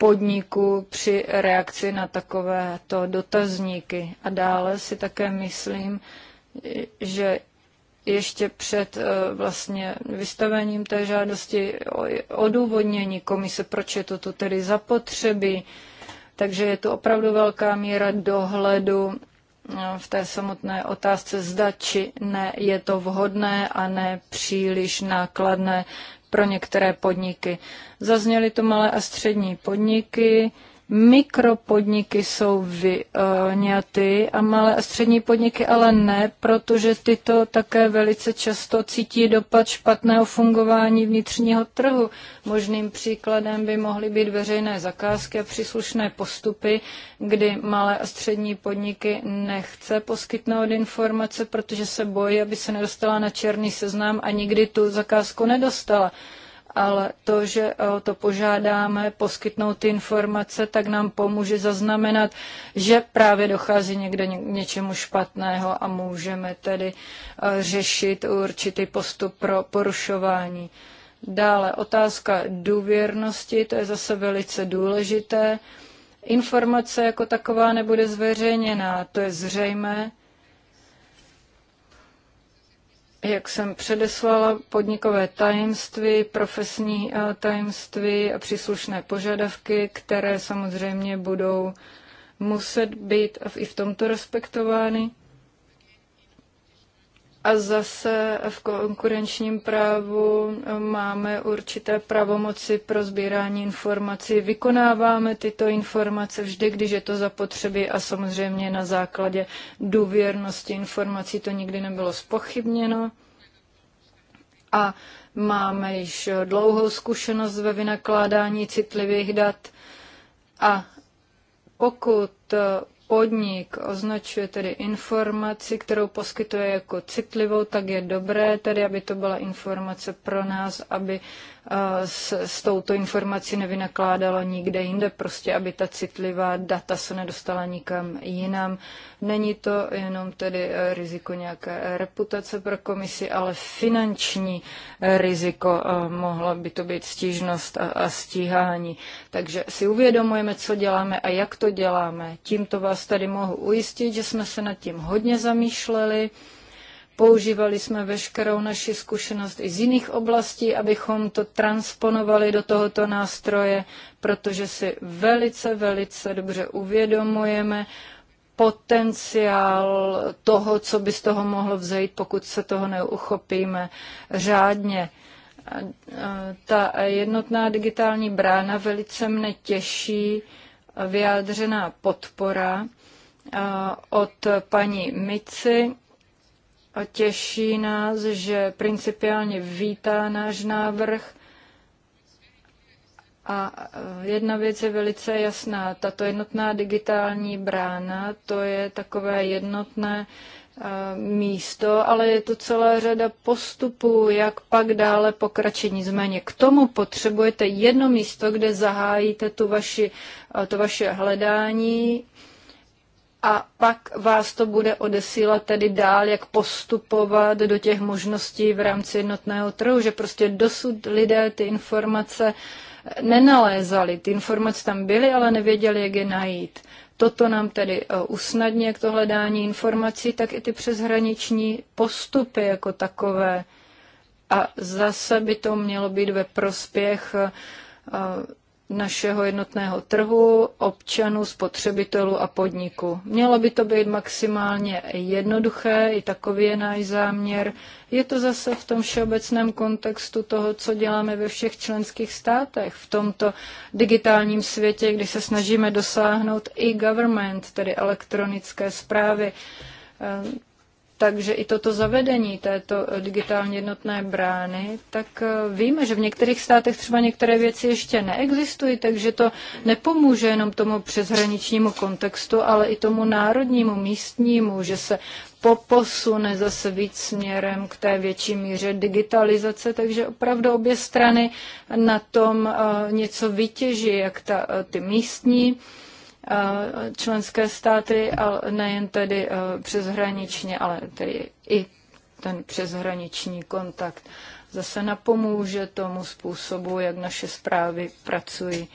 podniku při reakci na takovéto dotazníky. A dále si také myslím, že ještě před eh, vlastně vystavením té žádosti odůvodnění komise, proč je toto tedy zapotřebí. Takže je to opravdu velká míra dohledu eh, v té samotné otázce, zda či ne je to vhodné a ne příliš nákladné pro některé podniky. Zazněly to malé a střední podniky, Mikropodniky jsou vyňaty a malé a střední podniky ale ne, protože tyto také velice často cítí dopad špatného fungování vnitřního trhu. Možným příkladem by mohly být veřejné zakázky a příslušné postupy, kdy malé a střední podniky nechce poskytnout informace, protože se bojí, aby se nedostala na černý seznam a nikdy tu zakázku nedostala ale to, že eh, to požádáme poskytnout ty informace, tak nám pomůže zaznamenat, že právě dochází někde něčemu špatného a můžeme tedy eh, řešit určitý postup pro porušování. Dále otázka důvěrnosti, to je zase velice důležité. Informace jako taková nebude zveřejněná, to je zřejmé, jak jsem předeslala, podnikové tajemství, profesní eh, tajemství a příslušné požadavky, které samozřejmě budou muset být i v tomto respektovány. A zase v konkurenčním právu máme určité pravomoci pro sbírání informací. Vykonáváme tyto informace vždy, když je to zapotřebí a samozřejmě na základě důvěrnosti informací to nikdy nebylo spochybněno. A máme již dlouhou zkušenost ve vynakládání citlivých dat a pokud podnik označuje tedy informaci, kterou poskytuje jako citlivou, tak je dobré tedy, aby to byla informace pro nás, aby s, s touto informací nevynakládalo nikde jinde, prostě aby ta citlivá data se nedostala nikam jinam. Není to jenom tedy eh, riziko nějaké eh, reputace pro komisi, ale finanční eh, riziko, mohla by to být stížnost a, a stíhání. Takže si uvědomujeme, co děláme a jak to děláme. Tímto vás tady mohu ujistit, že jsme se nad tím hodně zamýšleli. Používali jsme veškerou naši zkušenost i z jiných oblastí, abychom to transponovali do tohoto nástroje, protože si velice, velice dobře uvědomujeme potenciál toho, co by z toho mohlo vzejít, pokud se toho neuchopíme řádně. Ta jednotná digitální brána velice mne těší vyjádřená podpora od paní Mici a těší nás, že principiálně vítá náš návrh. A eh, jedna věc je velice jasná. Tato jednotná digitální brána, to je takové jednotné eh, místo, ale je to celá řada postupů, jak pak dále pokračovat. Nicméně k tomu potřebujete jedno místo, kde zahájíte tu vaši, eh, to vaše hledání a pak vás to bude odesílat tedy dál, jak postupovat do těch možností v rámci jednotného trhu, že prostě dosud lidé ty informace nenalézali. Ty informace tam byly, ale nevěděli, jak je najít. Toto nám tedy e, usnadní, jak to hledání informací, tak i ty přeshraniční postupy jako takové. A zase by to mělo být ve prospěch e, našeho jednotného trhu, občanů, spotřebitelů a podniků. Mělo by to být maximálně jednoduché, i takový je náš záměr. Je to zase v tom všeobecném kontextu toho, co děláme ve všech členských státech, v tomto digitálním světě, kdy se snažíme dosáhnout i government, tedy elektronické zprávy ehm, takže i toto zavedení této eh, digitálně jednotné brány, tak eh, víme, že v některých státech třeba některé věci ještě neexistují, takže to nepomůže jenom tomu přeshraničnímu kontextu, ale i tomu národnímu, místnímu, že se poposune zase víc směrem k té větší míře digitalizace, takže opravdu obě strany na tom eh, něco vytěží, jak ta, ty místní členské státy, ale nejen tedy přeshraničně, ale tedy i ten přeshraniční kontakt. Zase napomůže tomu způsobu, jak naše zprávy pracují.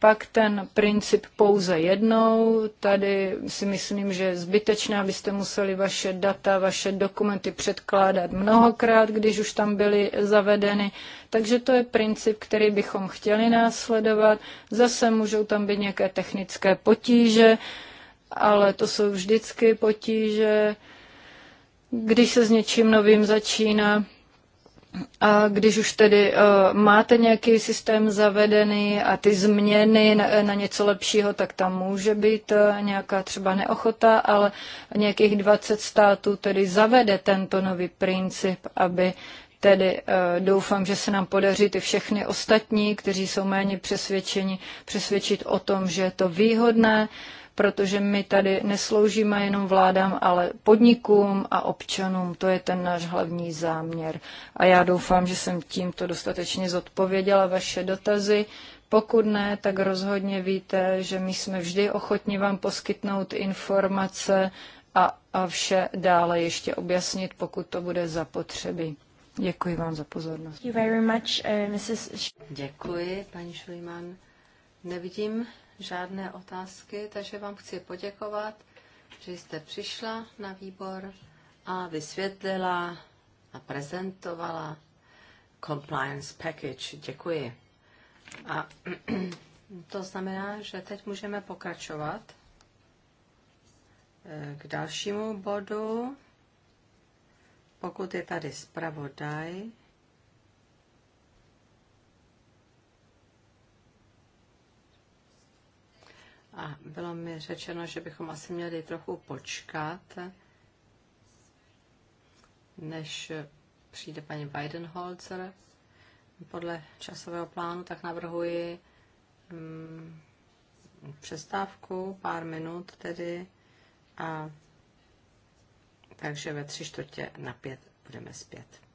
Pak ten princip pouze jednou, tady si myslím, že je zbytečné, abyste museli vaše data, vaše dokumenty předkládat mnohokrát, když už tam byly zavedeny. Takže to je princip, který bychom chtěli následovat. Zase můžou tam být nějaké technické potíže, ale to jsou vždycky potíže, když se s něčím novým začíná. A když už tedy uh, máte nějaký systém zavedený a ty změny na, na něco lepšího, tak tam může být uh, nějaká třeba neochota, ale nějakých 20 států tedy zavede tento nový princip, aby tedy uh, doufám, že se nám podaří ty všechny ostatní, kteří jsou méně přesvědčeni, přesvědčit o tom, že je to výhodné. Uh, protože my tady nesloužíme jenom vládám, ale podnikům a občanům. To je ten náš hlavní záměr. A já doufám, že jsem tímto dostatečně zodpověděla vaše dotazy. Pokud ne, tak rozhodně víte, že my jsme vždy ochotni vám poskytnout informace a, a vše dále ještě objasnit, pokud to bude zapotřebí. Děkuji vám za pozornost. Uh, Děkuji, paní Šulman. Nevidím žádné otázky, takže vám chci poděkovat, že jste přišla na výbor a vysvětlila a prezentovala compliance package. Děkuji. A to znamená, že teď můžeme pokračovat eh, k dalšímu bodu. Pokud je tady zpravodaj, A bylo mi řečeno, že bychom asi měli trochu počkat, než přijde paní Weidenholzer. Podle časového plánu tak navrhuji hmm, přestávku, pár minut tedy, a takže ve tři čtvrtě na pět budeme zpět.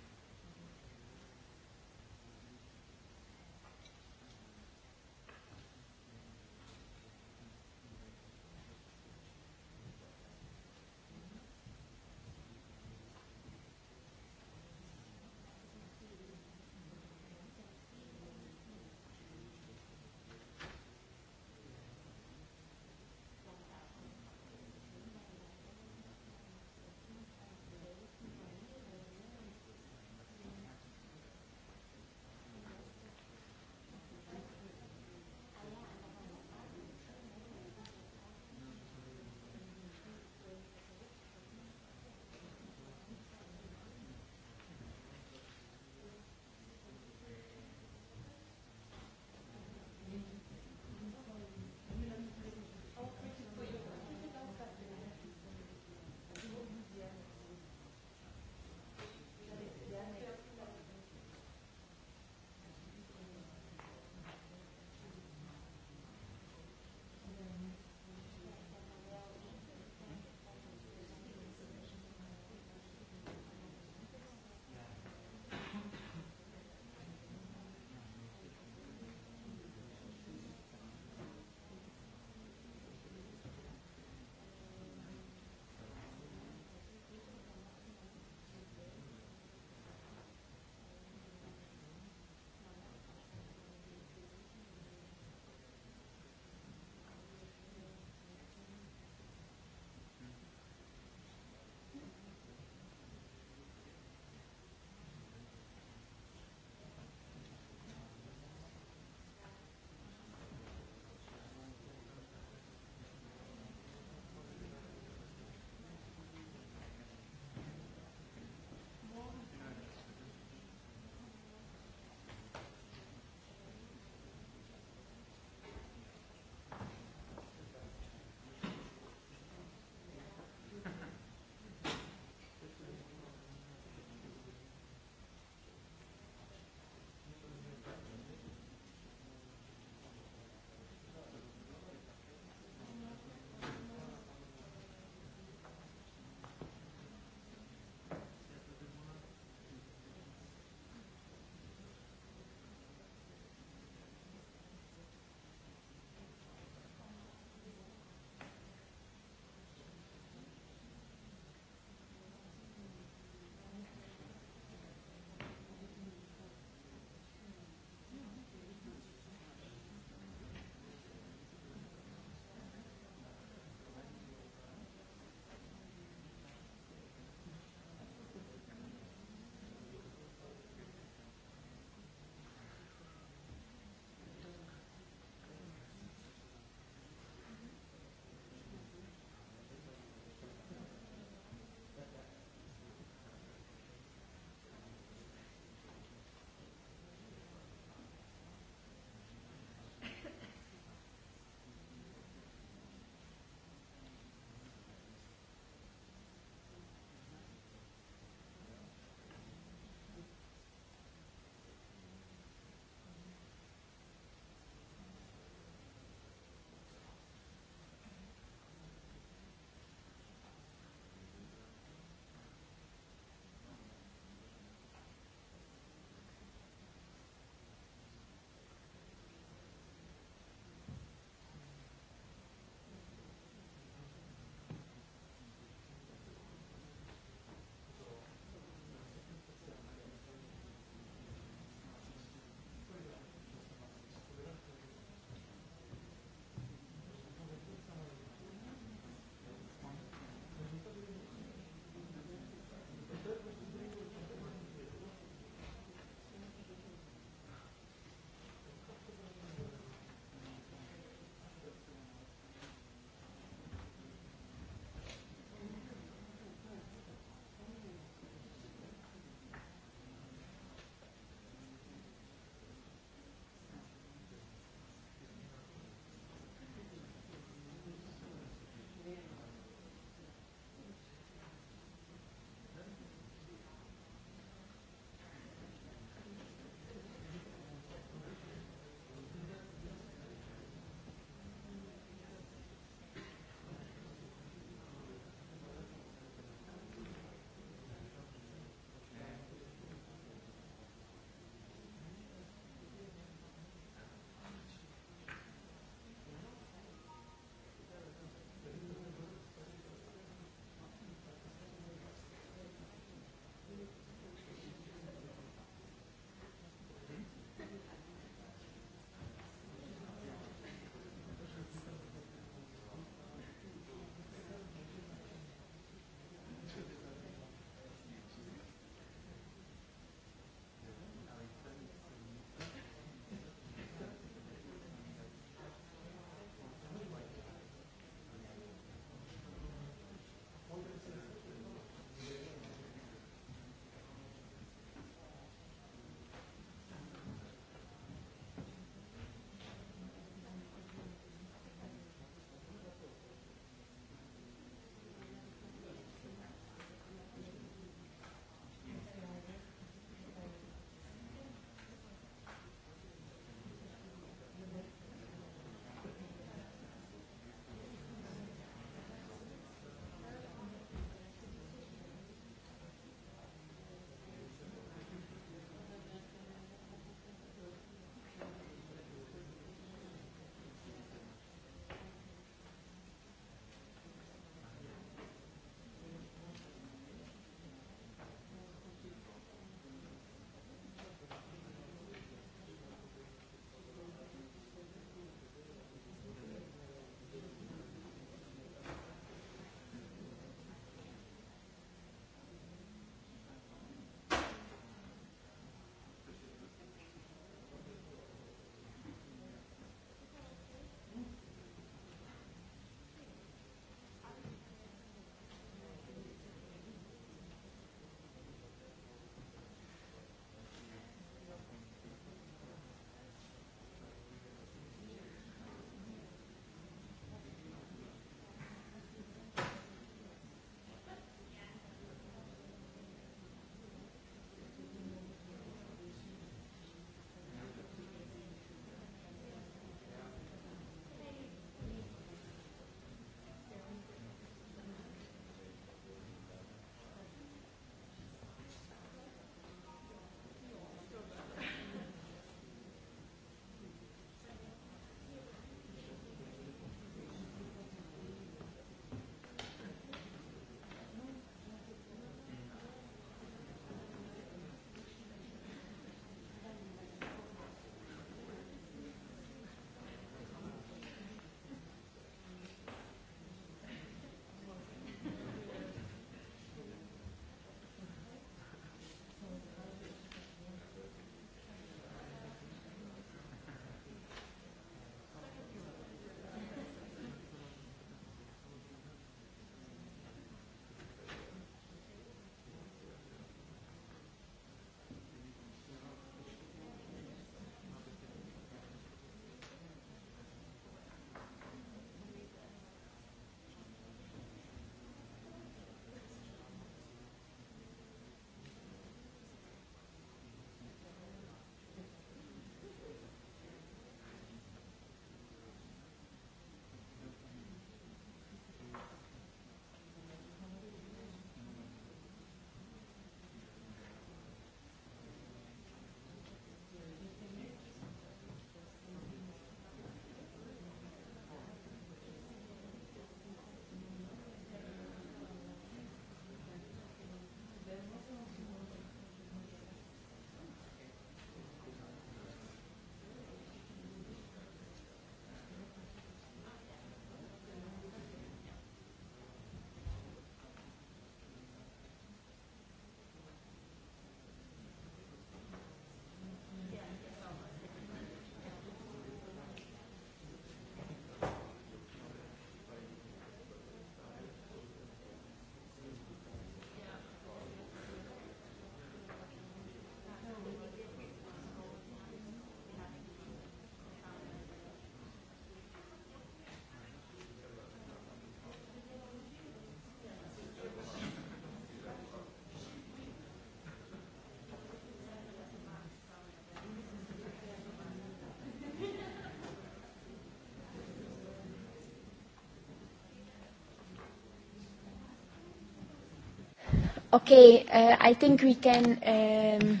Okay, uh, I think we can um,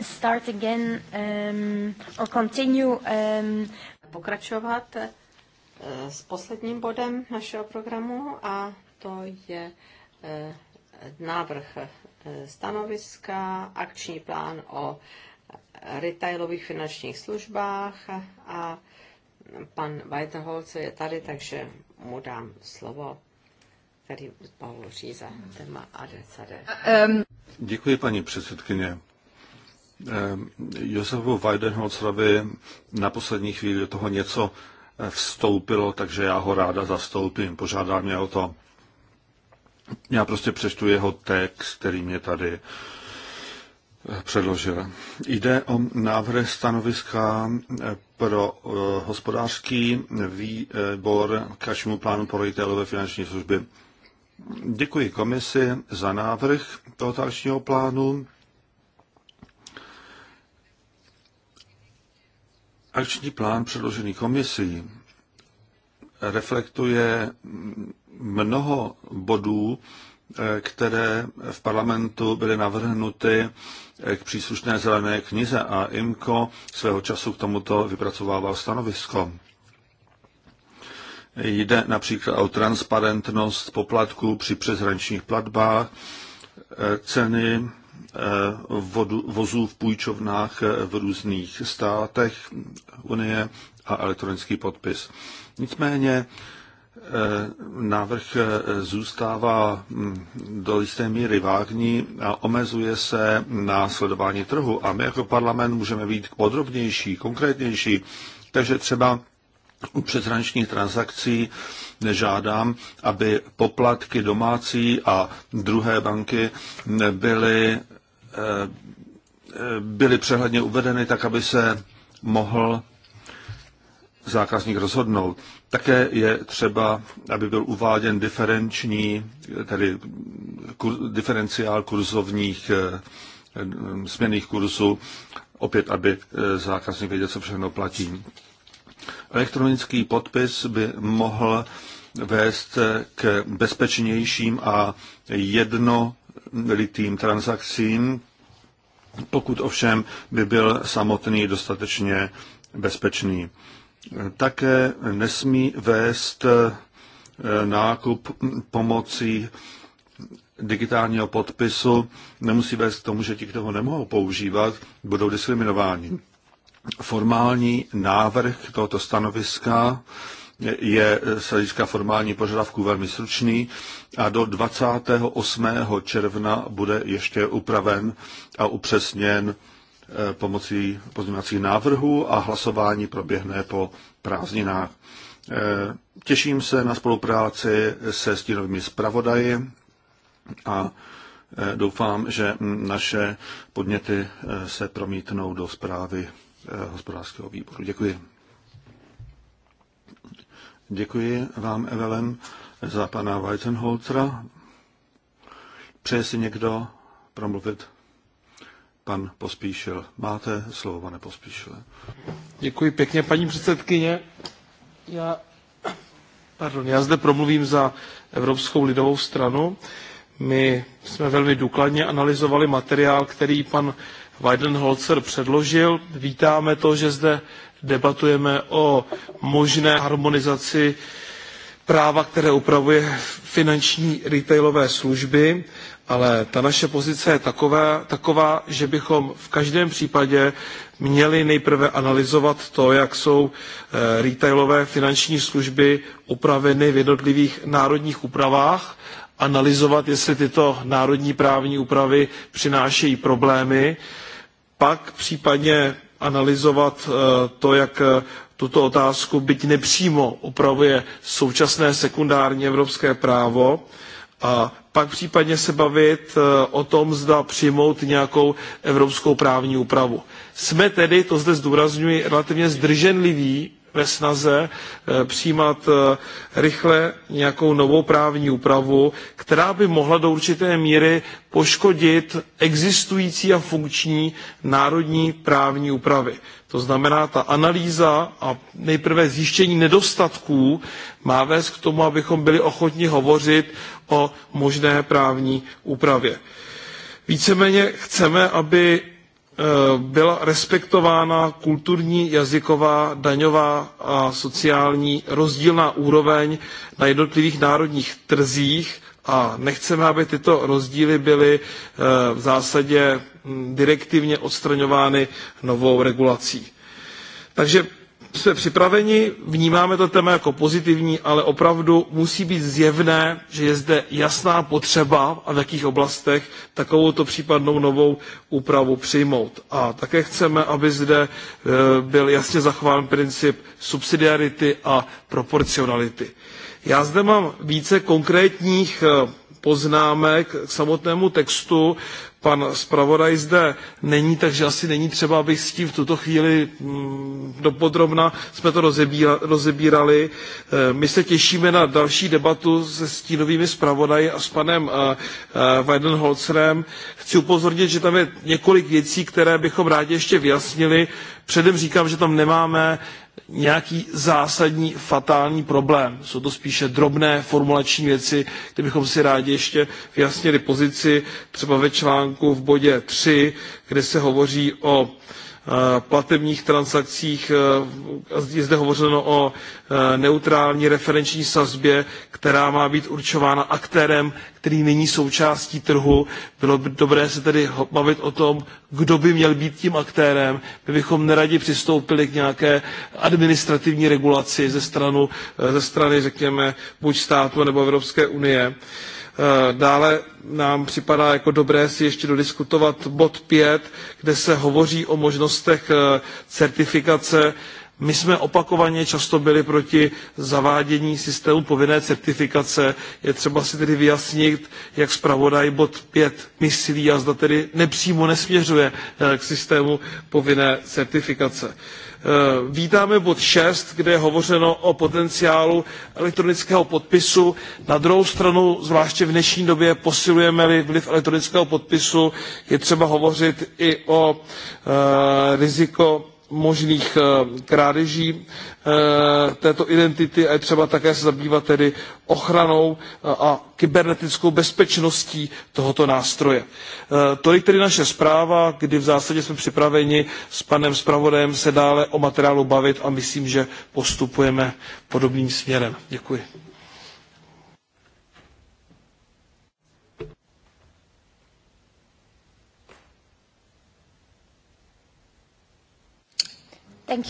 start again um, or continue. Um. Pokračovat uh, s posledním bodem našeho programu a to je uh, návrh uh, stanoviska, akční plán o retailových finančních službách a pan Weiterholce je tady, takže mu dám slovo který Říza, ten má ADCD. Děkuji, paní předsedkyně. Ehm, Josefu Weidenholzerovi na poslední chvíli toho něco eh, vstoupilo, takže já ho ráda zastoupím. Požádá mě o to. Já prostě přečtu jeho text, který mě tady eh, předložil. Jde o návrh stanoviska eh, pro hospodářský výbor k plánu pro retailové finanční služby. Děkuji komisi za návrh tohoto akčního plánu. Akční plán předložený komisí reflektuje mnoho bodů, které v parlamentu byly navrhnuty k příslušné zelené knize a IMCO svého času k tomuto vypracovával stanovisko. Jde například o transparentnost poplatků při přeshraničních platbách, eh, ceny eh, vozů v půjčovnách eh, v různých státech Unie a elektronický podpis. Nicméně návrh zůstává hm, do jisté míry vágní a omezuje se na sledování trhu. A my jako parlament můžeme být podrobnější, konkrétnější. Takže třeba u přeshraničních transakcí žádám, aby poplatky domácí a druhé banky byly, eh, byly přehledně uvedeny tak, aby se mohl zákazník rozhodnout. Také je třeba, aby byl uváděn diferenční, tedy kur, diferenciál kurzovních eh, směných kurzů, opět, aby eh, zákazník věděl, co všechno platí. Elektronický podpis by mohl vést k bezpečnějším a jednolitým transakcím, pokud ovšem by byl samotný dostatečně bezpečný. Také nesmí vést eh, nákup pomocí digitálního podpisu, nemusí vést k tomu, že ti, kdo ho nemohou používat, budou diskriminováni formální návrh tohoto stanoviska je z hlediska formální požadavků velmi stručný a do 28. června bude ještě upraven a upřesněn eh, pomocí pozměňovacích návrhů a hlasování proběhne po prázdninách. Eh, těším se na spolupráci se stínovými zpravodaji a eh, doufám, že naše podněty se promítnou do zprávy Eh, hospodářského výboru. Děkuji. Děkuji vám, Evelem, za pana Weizenholzera. Přeje si někdo promluvit? Pan Pospíšil. Máte slovo, pane Pospíšile. Děkuji pěkně, paní předsedkyně. Já, pardon, já zde promluvím za Evropskou lidovou stranu. My jsme velmi důkladně analyzovali materiál, který pan Weidenholzer předložil. Vítáme to, že zde debatujeme o možné harmonizaci práva, které upravuje finanční retailové služby, ale ta naše pozice je taková, že bychom v každém případě měli nejprve analyzovat to, jak jsou eh, retailové finanční služby upraveny v jednotlivých národních úpravách, analyzovat, jestli tyto národní právní úpravy přinášejí problémy, pak případně analyzovat eh, to, jak eh, tuto otázku, byť nepřímo, upravuje současné sekundární evropské právo a pak případně se bavit eh, o tom, zda přijmout nějakou evropskou právní úpravu. Jsme tedy, to zde zdůrazňuji, relativně zdrženliví ve snaze eh, přijímat eh, rychle nějakou novou právní úpravu, která by mohla do určité míry poškodit existující a funkční národní právní úpravy. To znamená, ta analýza a nejprve zjištění nedostatků má vést k tomu, abychom byli ochotni hovořit o možné právní úpravě. Víceméně chceme, aby Eh, byla respektována kulturní, jazyková, daňová a sociální rozdílná úroveň na jednotlivých národních trzích a nechceme, aby tyto rozdíly byly eh, v zásadě mm, direktivně odstraňovány novou regulací. Takže jsme připraveni, vnímáme to téma jako pozitivní, ale opravdu musí být zjevné, že je zde jasná potřeba a v jakých oblastech takovouto případnou novou úpravu přijmout. A také chceme, aby zde e, byl jasně zachován princip subsidiarity a proporcionality. Já zde mám více konkrétních e, poznámek k samotnému textu pan zpravodaj zde není, takže asi není třeba, abych s tím v tuto chvíli mm, dopodrobna to rozebírali. Eh, my se těšíme na další debatu se stínovými zpravodaji a s panem eh, eh, Weidenholzerem. Chci upozornit, že tam je několik věcí, které bychom rádi ještě vyjasnili. Předem říkám, že tam nemáme nějaký zásadní fatální problém. Jsou to spíše drobné formulační věci, kde bychom si rádi ještě vyjasnili pozici, třeba ve článku v bodě three kde se hovoří o platebních transakcích e, je zde hovořeno o e, neutrální referenční sazbě která má být určována aktérem který není součástí trhu. bylo by dobré se tedy bavit o tom kdo by měl být tím aktérem. my bychom neradi přistoupili k nějaké administrativní regulaci ze, e, ze strany řekněme buď státu nebo evropské unie. Eh, dále nám připadá jako dobré si ještě dodiskutovat bod pět, kde se hovoří o možnostech eh, certifikace my jsme opakovaně často byli proti zavádění systému povinné certifikace. Je třeba si tedy vyjasnit, jak zpravodaj bod pět myslí a zda tedy nepřímo nesměřuje eh, k systému povinné certifikace. Eh, vítáme bod šest, kde je hovořeno o potenciálu elektronického podpisu na druhou stranu zvláště v dnešní době posilujeme li vliv elektronického podpisu je třeba hovořit i o eh, riziku možných eh, krádeží eh, této identity a je třeba také se zabývat tedy ochranou eh, a kybernetickou bezpečností tohoto nástroje. Tolik tedy naše zpráva, kdy v zásadě jsme připraveni s panem zpravodajem se dále o materiálu bavit a myslím, že postupujeme podobným směrem. Děkuji. Uh,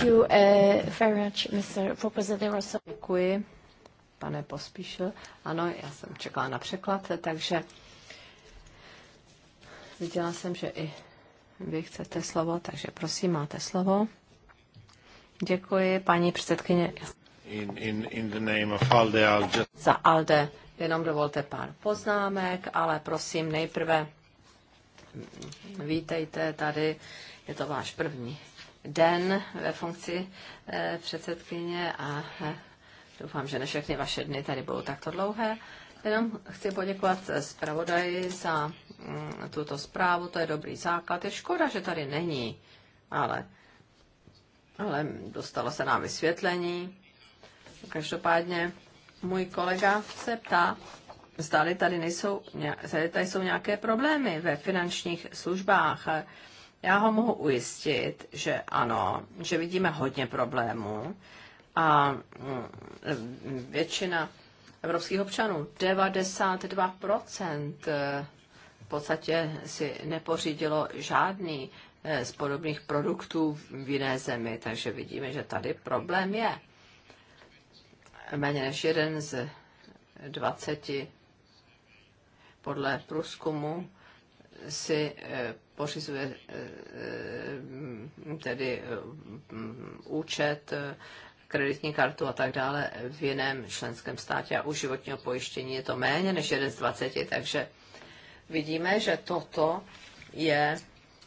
Děkuji, pane Pospíšil. Ano, já jsem čekala na překlad, takže viděla jsem, že i vy chcete slovo, takže prosím, máte slovo. Děkuji, paní předsedkyně. In, in, in the name of Alde, just... Za Alde jenom dovolte pár poznámek, ale prosím nejprve vítejte tady, je to váš první den ve funkci eh, předsedkyně a eh, doufám, že ne všechny vaše dny tady budou takto dlouhé. Jenom chci poděkovat zpravodaji za mm, tuto zprávu, to je dobrý základ. Je škoda, že tady není, ale, ale dostalo se nám vysvětlení. Každopádně můj kolega se ptá, zda tady, tady jsou nějaké problémy ve finančních službách já ho mohu ujistit, že ano, že vidíme hodně problémů a mm, většina evropských občanů, 92%, eh, v podstatě si nepořídilo žádný eh, z podobných produktů v jiné zemi, takže vidíme, že tady problém je. Méně než jeden z 20 podle průzkumu si eh, pořizuje eh, tedy eh, účet, eh, kreditní kartu a tak dále v jiném členském státě a u životního pojištění je to méně než jeden z 20, takže vidíme, že toto je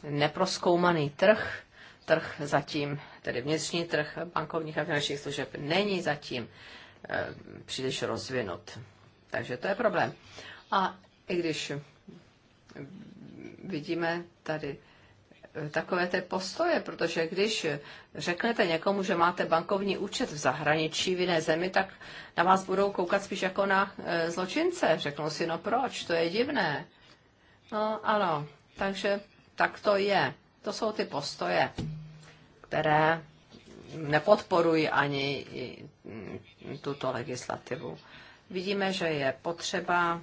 neproskoumaný trh, trh zatím, tedy vnitřní trh bankovních a finančních služeb není zatím příliš rozvinut. Takže to je problém. A i když vidíme tady eh, takové ty postoje, protože když řeknete někomu, že máte bankovní účet v zahraničí, v jiné zemi, tak na vás budou koukat spíš jako na eh, zločince. Řeknou si, no proč, to je divné. No ano, takže tak to je. To jsou ty postoje, které nepodporují ani mm, tuto legislativu. Vidíme, že je potřeba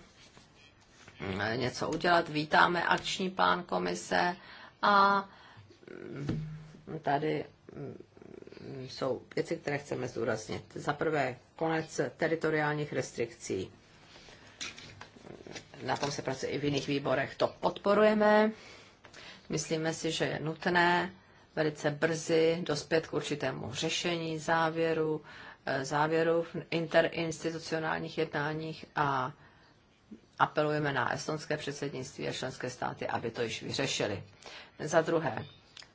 Eh, něco udělat. Vítáme akční plán komise a mm, tady mm, jsou věci, které chceme zdůraznit. Za prvé, konec teritoriálních restrikcí. Na tom se pracuje i v jiných výborech. To podporujeme. Myslíme si, že je nutné velice brzy dospět k určitému řešení závěru, eh, závěru v interinstitucionálních jednáních a apelujeme na estonské předsednictví a členské státy, aby to již vyřešili. Za druhé,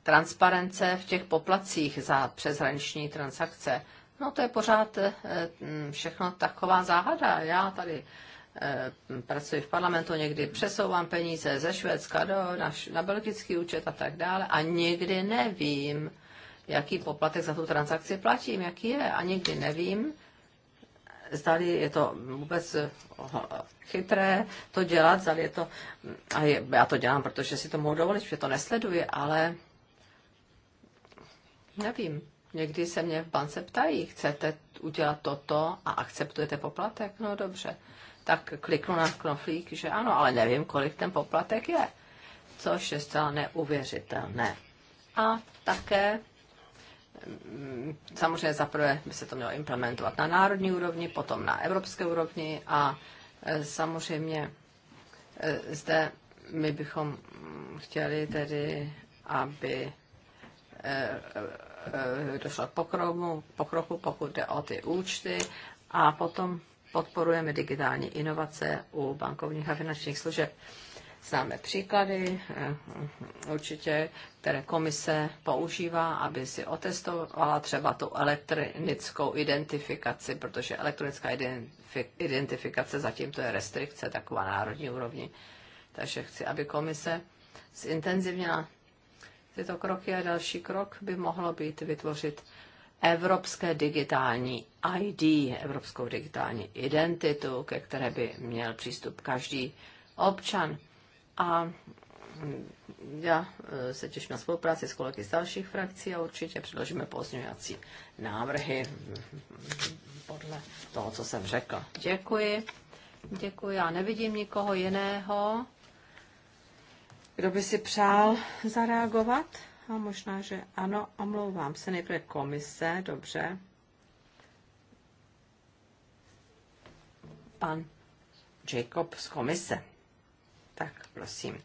transparence v těch poplacích za přeshraniční transakce. No to je pořád eh, mm, všechno taková záhada. Já tady eh, pracuji v parlamentu, někdy přesouvám peníze ze Švédska do, na, na belgický účet a tak dále a nikdy nevím, jaký poplatek za tu transakci platím, jaký je a nikdy nevím, zdali je to vůbec eh, chytré to dělat, zdali je to, a je, já to dělám, protože si to mohu dovolit, že to nesleduji, ale nevím. Někdy se mě v bance ptají, chcete udělat toto a akceptujete poplatek? No dobře. Tak kliknu na knoflík, že ano, ale nevím, kolik ten poplatek je. Což je zcela neuvěřitelné. A také Mm, samozřejmě zaprvé by se to mělo implementovat na národní úrovni, potom na evropské úrovni a e, samozřejmě e, zde my bychom chtěli tedy, aby e, došlo k pokroku, pokroku, pokud jde o ty účty a potom podporujeme digitální inovace u bankovních a finančních služeb. Známe příklady, eh, určitě, které komise používá, aby si otestovala třeba tu elektronickou identifikaci, protože elektronická identifikace zatím to je restrikce, taková národní úrovni. Takže chci, aby komise zintenzivnila tyto kroky a další krok by mohlo být vytvořit evropské digitální ID, evropskou digitální identitu, ke které by měl přístup každý občan. A já eh, se těším na spolupráci s kolegy z dalších frakcí a určitě předložíme pozměňovací návrhy podle toho, co jsem řekla. Děkuji. Děkuji. Já nevidím nikoho jiného, kdo by si přál zareagovat. A možná, že ano, omlouvám se nejprve komise, dobře. Pan Jacob z komise. Tak, prosím.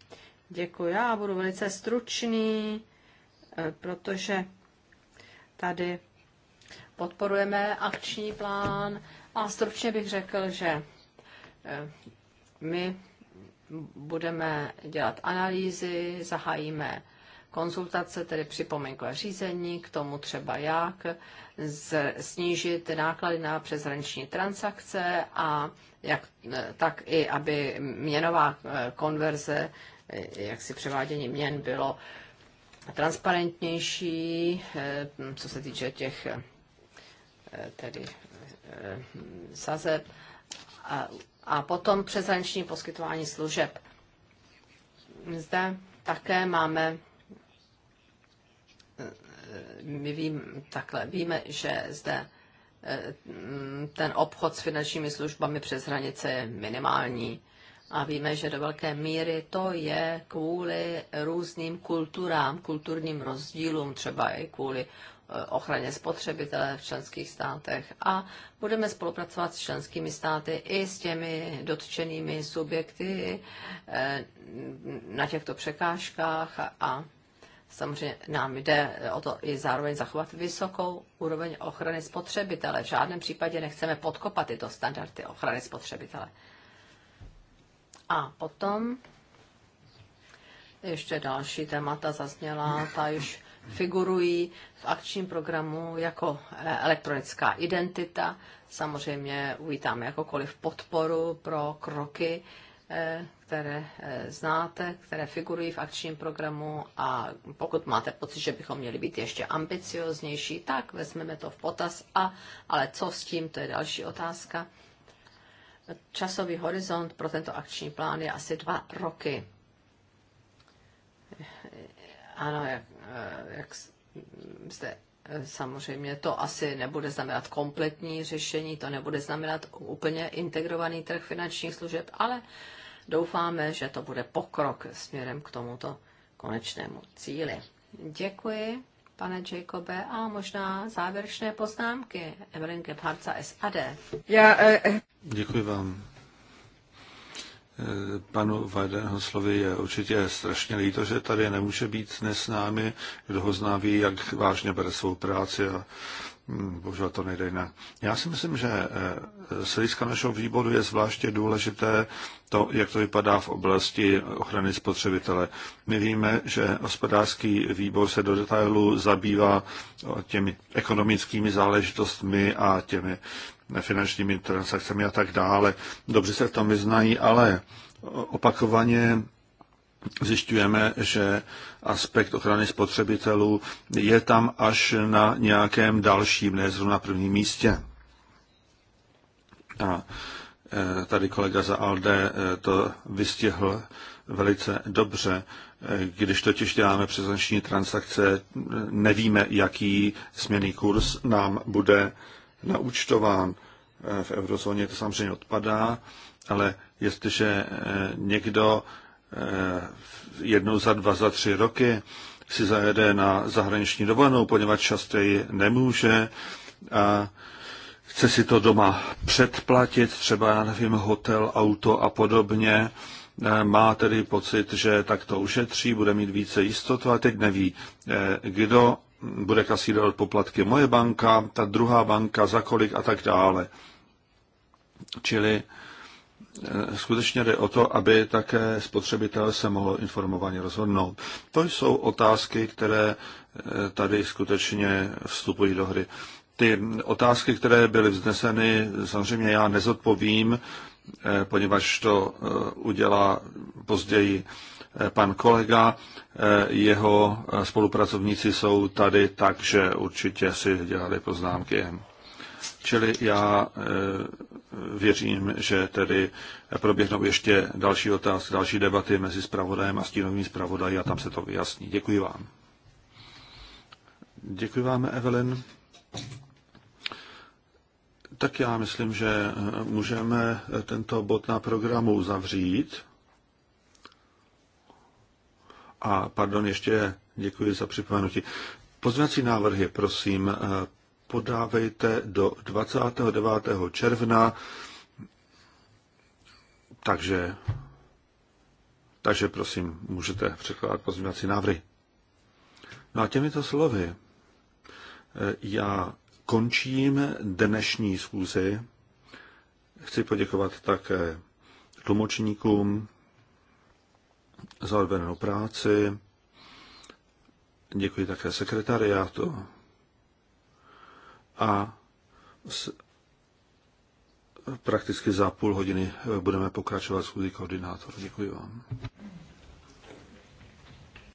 Děkuji. Já budu velice stručný, eh, protože tady podporujeme akční plán a stručně bych řekl, že eh, my budeme dělat analýzy, zahájíme konzultace, tedy připomínkové řízení, k tomu třeba jak snížit náklady na přeshraniční transakce a jak, tak i aby měnová eh, konverze, eh, jak si převádění měn bylo transparentnější, eh, co se týče těch tedy sazeb a, a potom přeshraniční poskytování služeb. Zde také máme my vím, takhle, víme, že zde Eh, ten obchod s finančními službami přes hranice je minimální. A víme, že do velké míry to je kvůli různým kulturám, kulturním rozdílům, třeba i kvůli eh, ochraně spotřebitele v členských státech a budeme spolupracovat s členskými státy i s těmi dotčenými subjekty eh, na těchto překážkách a Samozřejmě nám jde o to i zároveň zachovat vysokou úroveň ochrany spotřebitele. V žádném případě nechceme podkopat tyto standardy ochrany spotřebitele. A potom ještě další témata zazněla, ta již figurují v akčním programu jako elektronická identita. Samozřejmě uvítáme jakokoliv podporu pro kroky, eh, které eh, znáte, které figurují v akčním programu a pokud máte pocit, že bychom měli být ještě ambicioznější, tak vezmeme to v potaz a, ale co s tím, to je další otázka. Časový horizont pro tento akční plán je asi dva roky. Ano, jak, eh, jak jste eh, samozřejmě to asi nebude znamenat kompletní řešení, to nebude znamenat úplně integrovaný trh finančních služeb, ale doufáme, že to bude pokrok směrem k tomuto konečnému cíli. Děkuji, pane Jacobe, a možná závěrečné poznámky Evelyn Gebharca SAD. Já, eh, eh, Děkuji vám. Eh, panu Weidenhoslovi je určitě strašně líto, že tady nemůže být dnes s námi, kdo ho zná ví, jak vážně bere svou práci a Hmm, bohužel to nejde jinak. Já si myslím, že eh, z hlediska našeho výboru je zvláště důležité to, jak to vypadá v oblasti ochrany spotřebitele. My víme, že hospodářský výbor se do detailu zabývá těmi ekonomickými záležitostmi a těmi finančními transakcemi a tak dále. Dobře se v tom vyznají, ale opakovaně zjišťujeme, že aspekt ochrany spotřebitelů je tam až na nějakém dalším, ne zrovna prvním místě. A e, tady kolega za Alde e, to vystihl velice dobře. E, když totiž děláme přeznační transakce, nevíme, jaký směný kurz nám bude naučtován. V eurozóně to samozřejmě odpadá, ale jestliže někdo Eh, jednou za dva, za tři roky si zajede na zahraniční dovolenou, poněvadž častěji nemůže a chce si to doma předplatit, třeba, já nevím, hotel, auto a podobně, eh, má tedy pocit, že tak to ušetří, bude mít více jistotu a teď neví, eh, kdo bude kasírovat poplatky. Moje banka, ta druhá banka, za kolik a tak dále. Čili Eh, skutečně jde o to, aby také spotřebitel se mohl informovaně rozhodnout. To jsou otázky, které eh, tady skutečně vstupují do hry. Ty otázky, které byly vzneseny, samozřejmě já nezodpovím, eh, poněvadž to udělá později pan kolega. Jeho spolupracovníci jsou tady, takže určitě si dělali poznámky. Čili já věřím, že tedy proběhnou ještě další otázky, další debaty mezi zpravodajem a stínovým zpravodají a tam se to vyjasní. Děkuji vám. Děkuji vám, Evelyn. Tak já myslím, že můžeme tento bod na programu zavřít. A pardon, ještě děkuji za připomenutí. Pozvací návrhy, prosím, podávejte do 29. června. Takže, takže prosím, můžete překládat pozměňovací návrhy. No a těmito slovy eh, já končím dnešní schůzi. Chci poděkovat také tlumočníkům za odvedenou práci. Děkuji také sekretariátu a s, prakticky za půl hodiny eh, budeme pokračovat s koordinátor. Děkuji vám.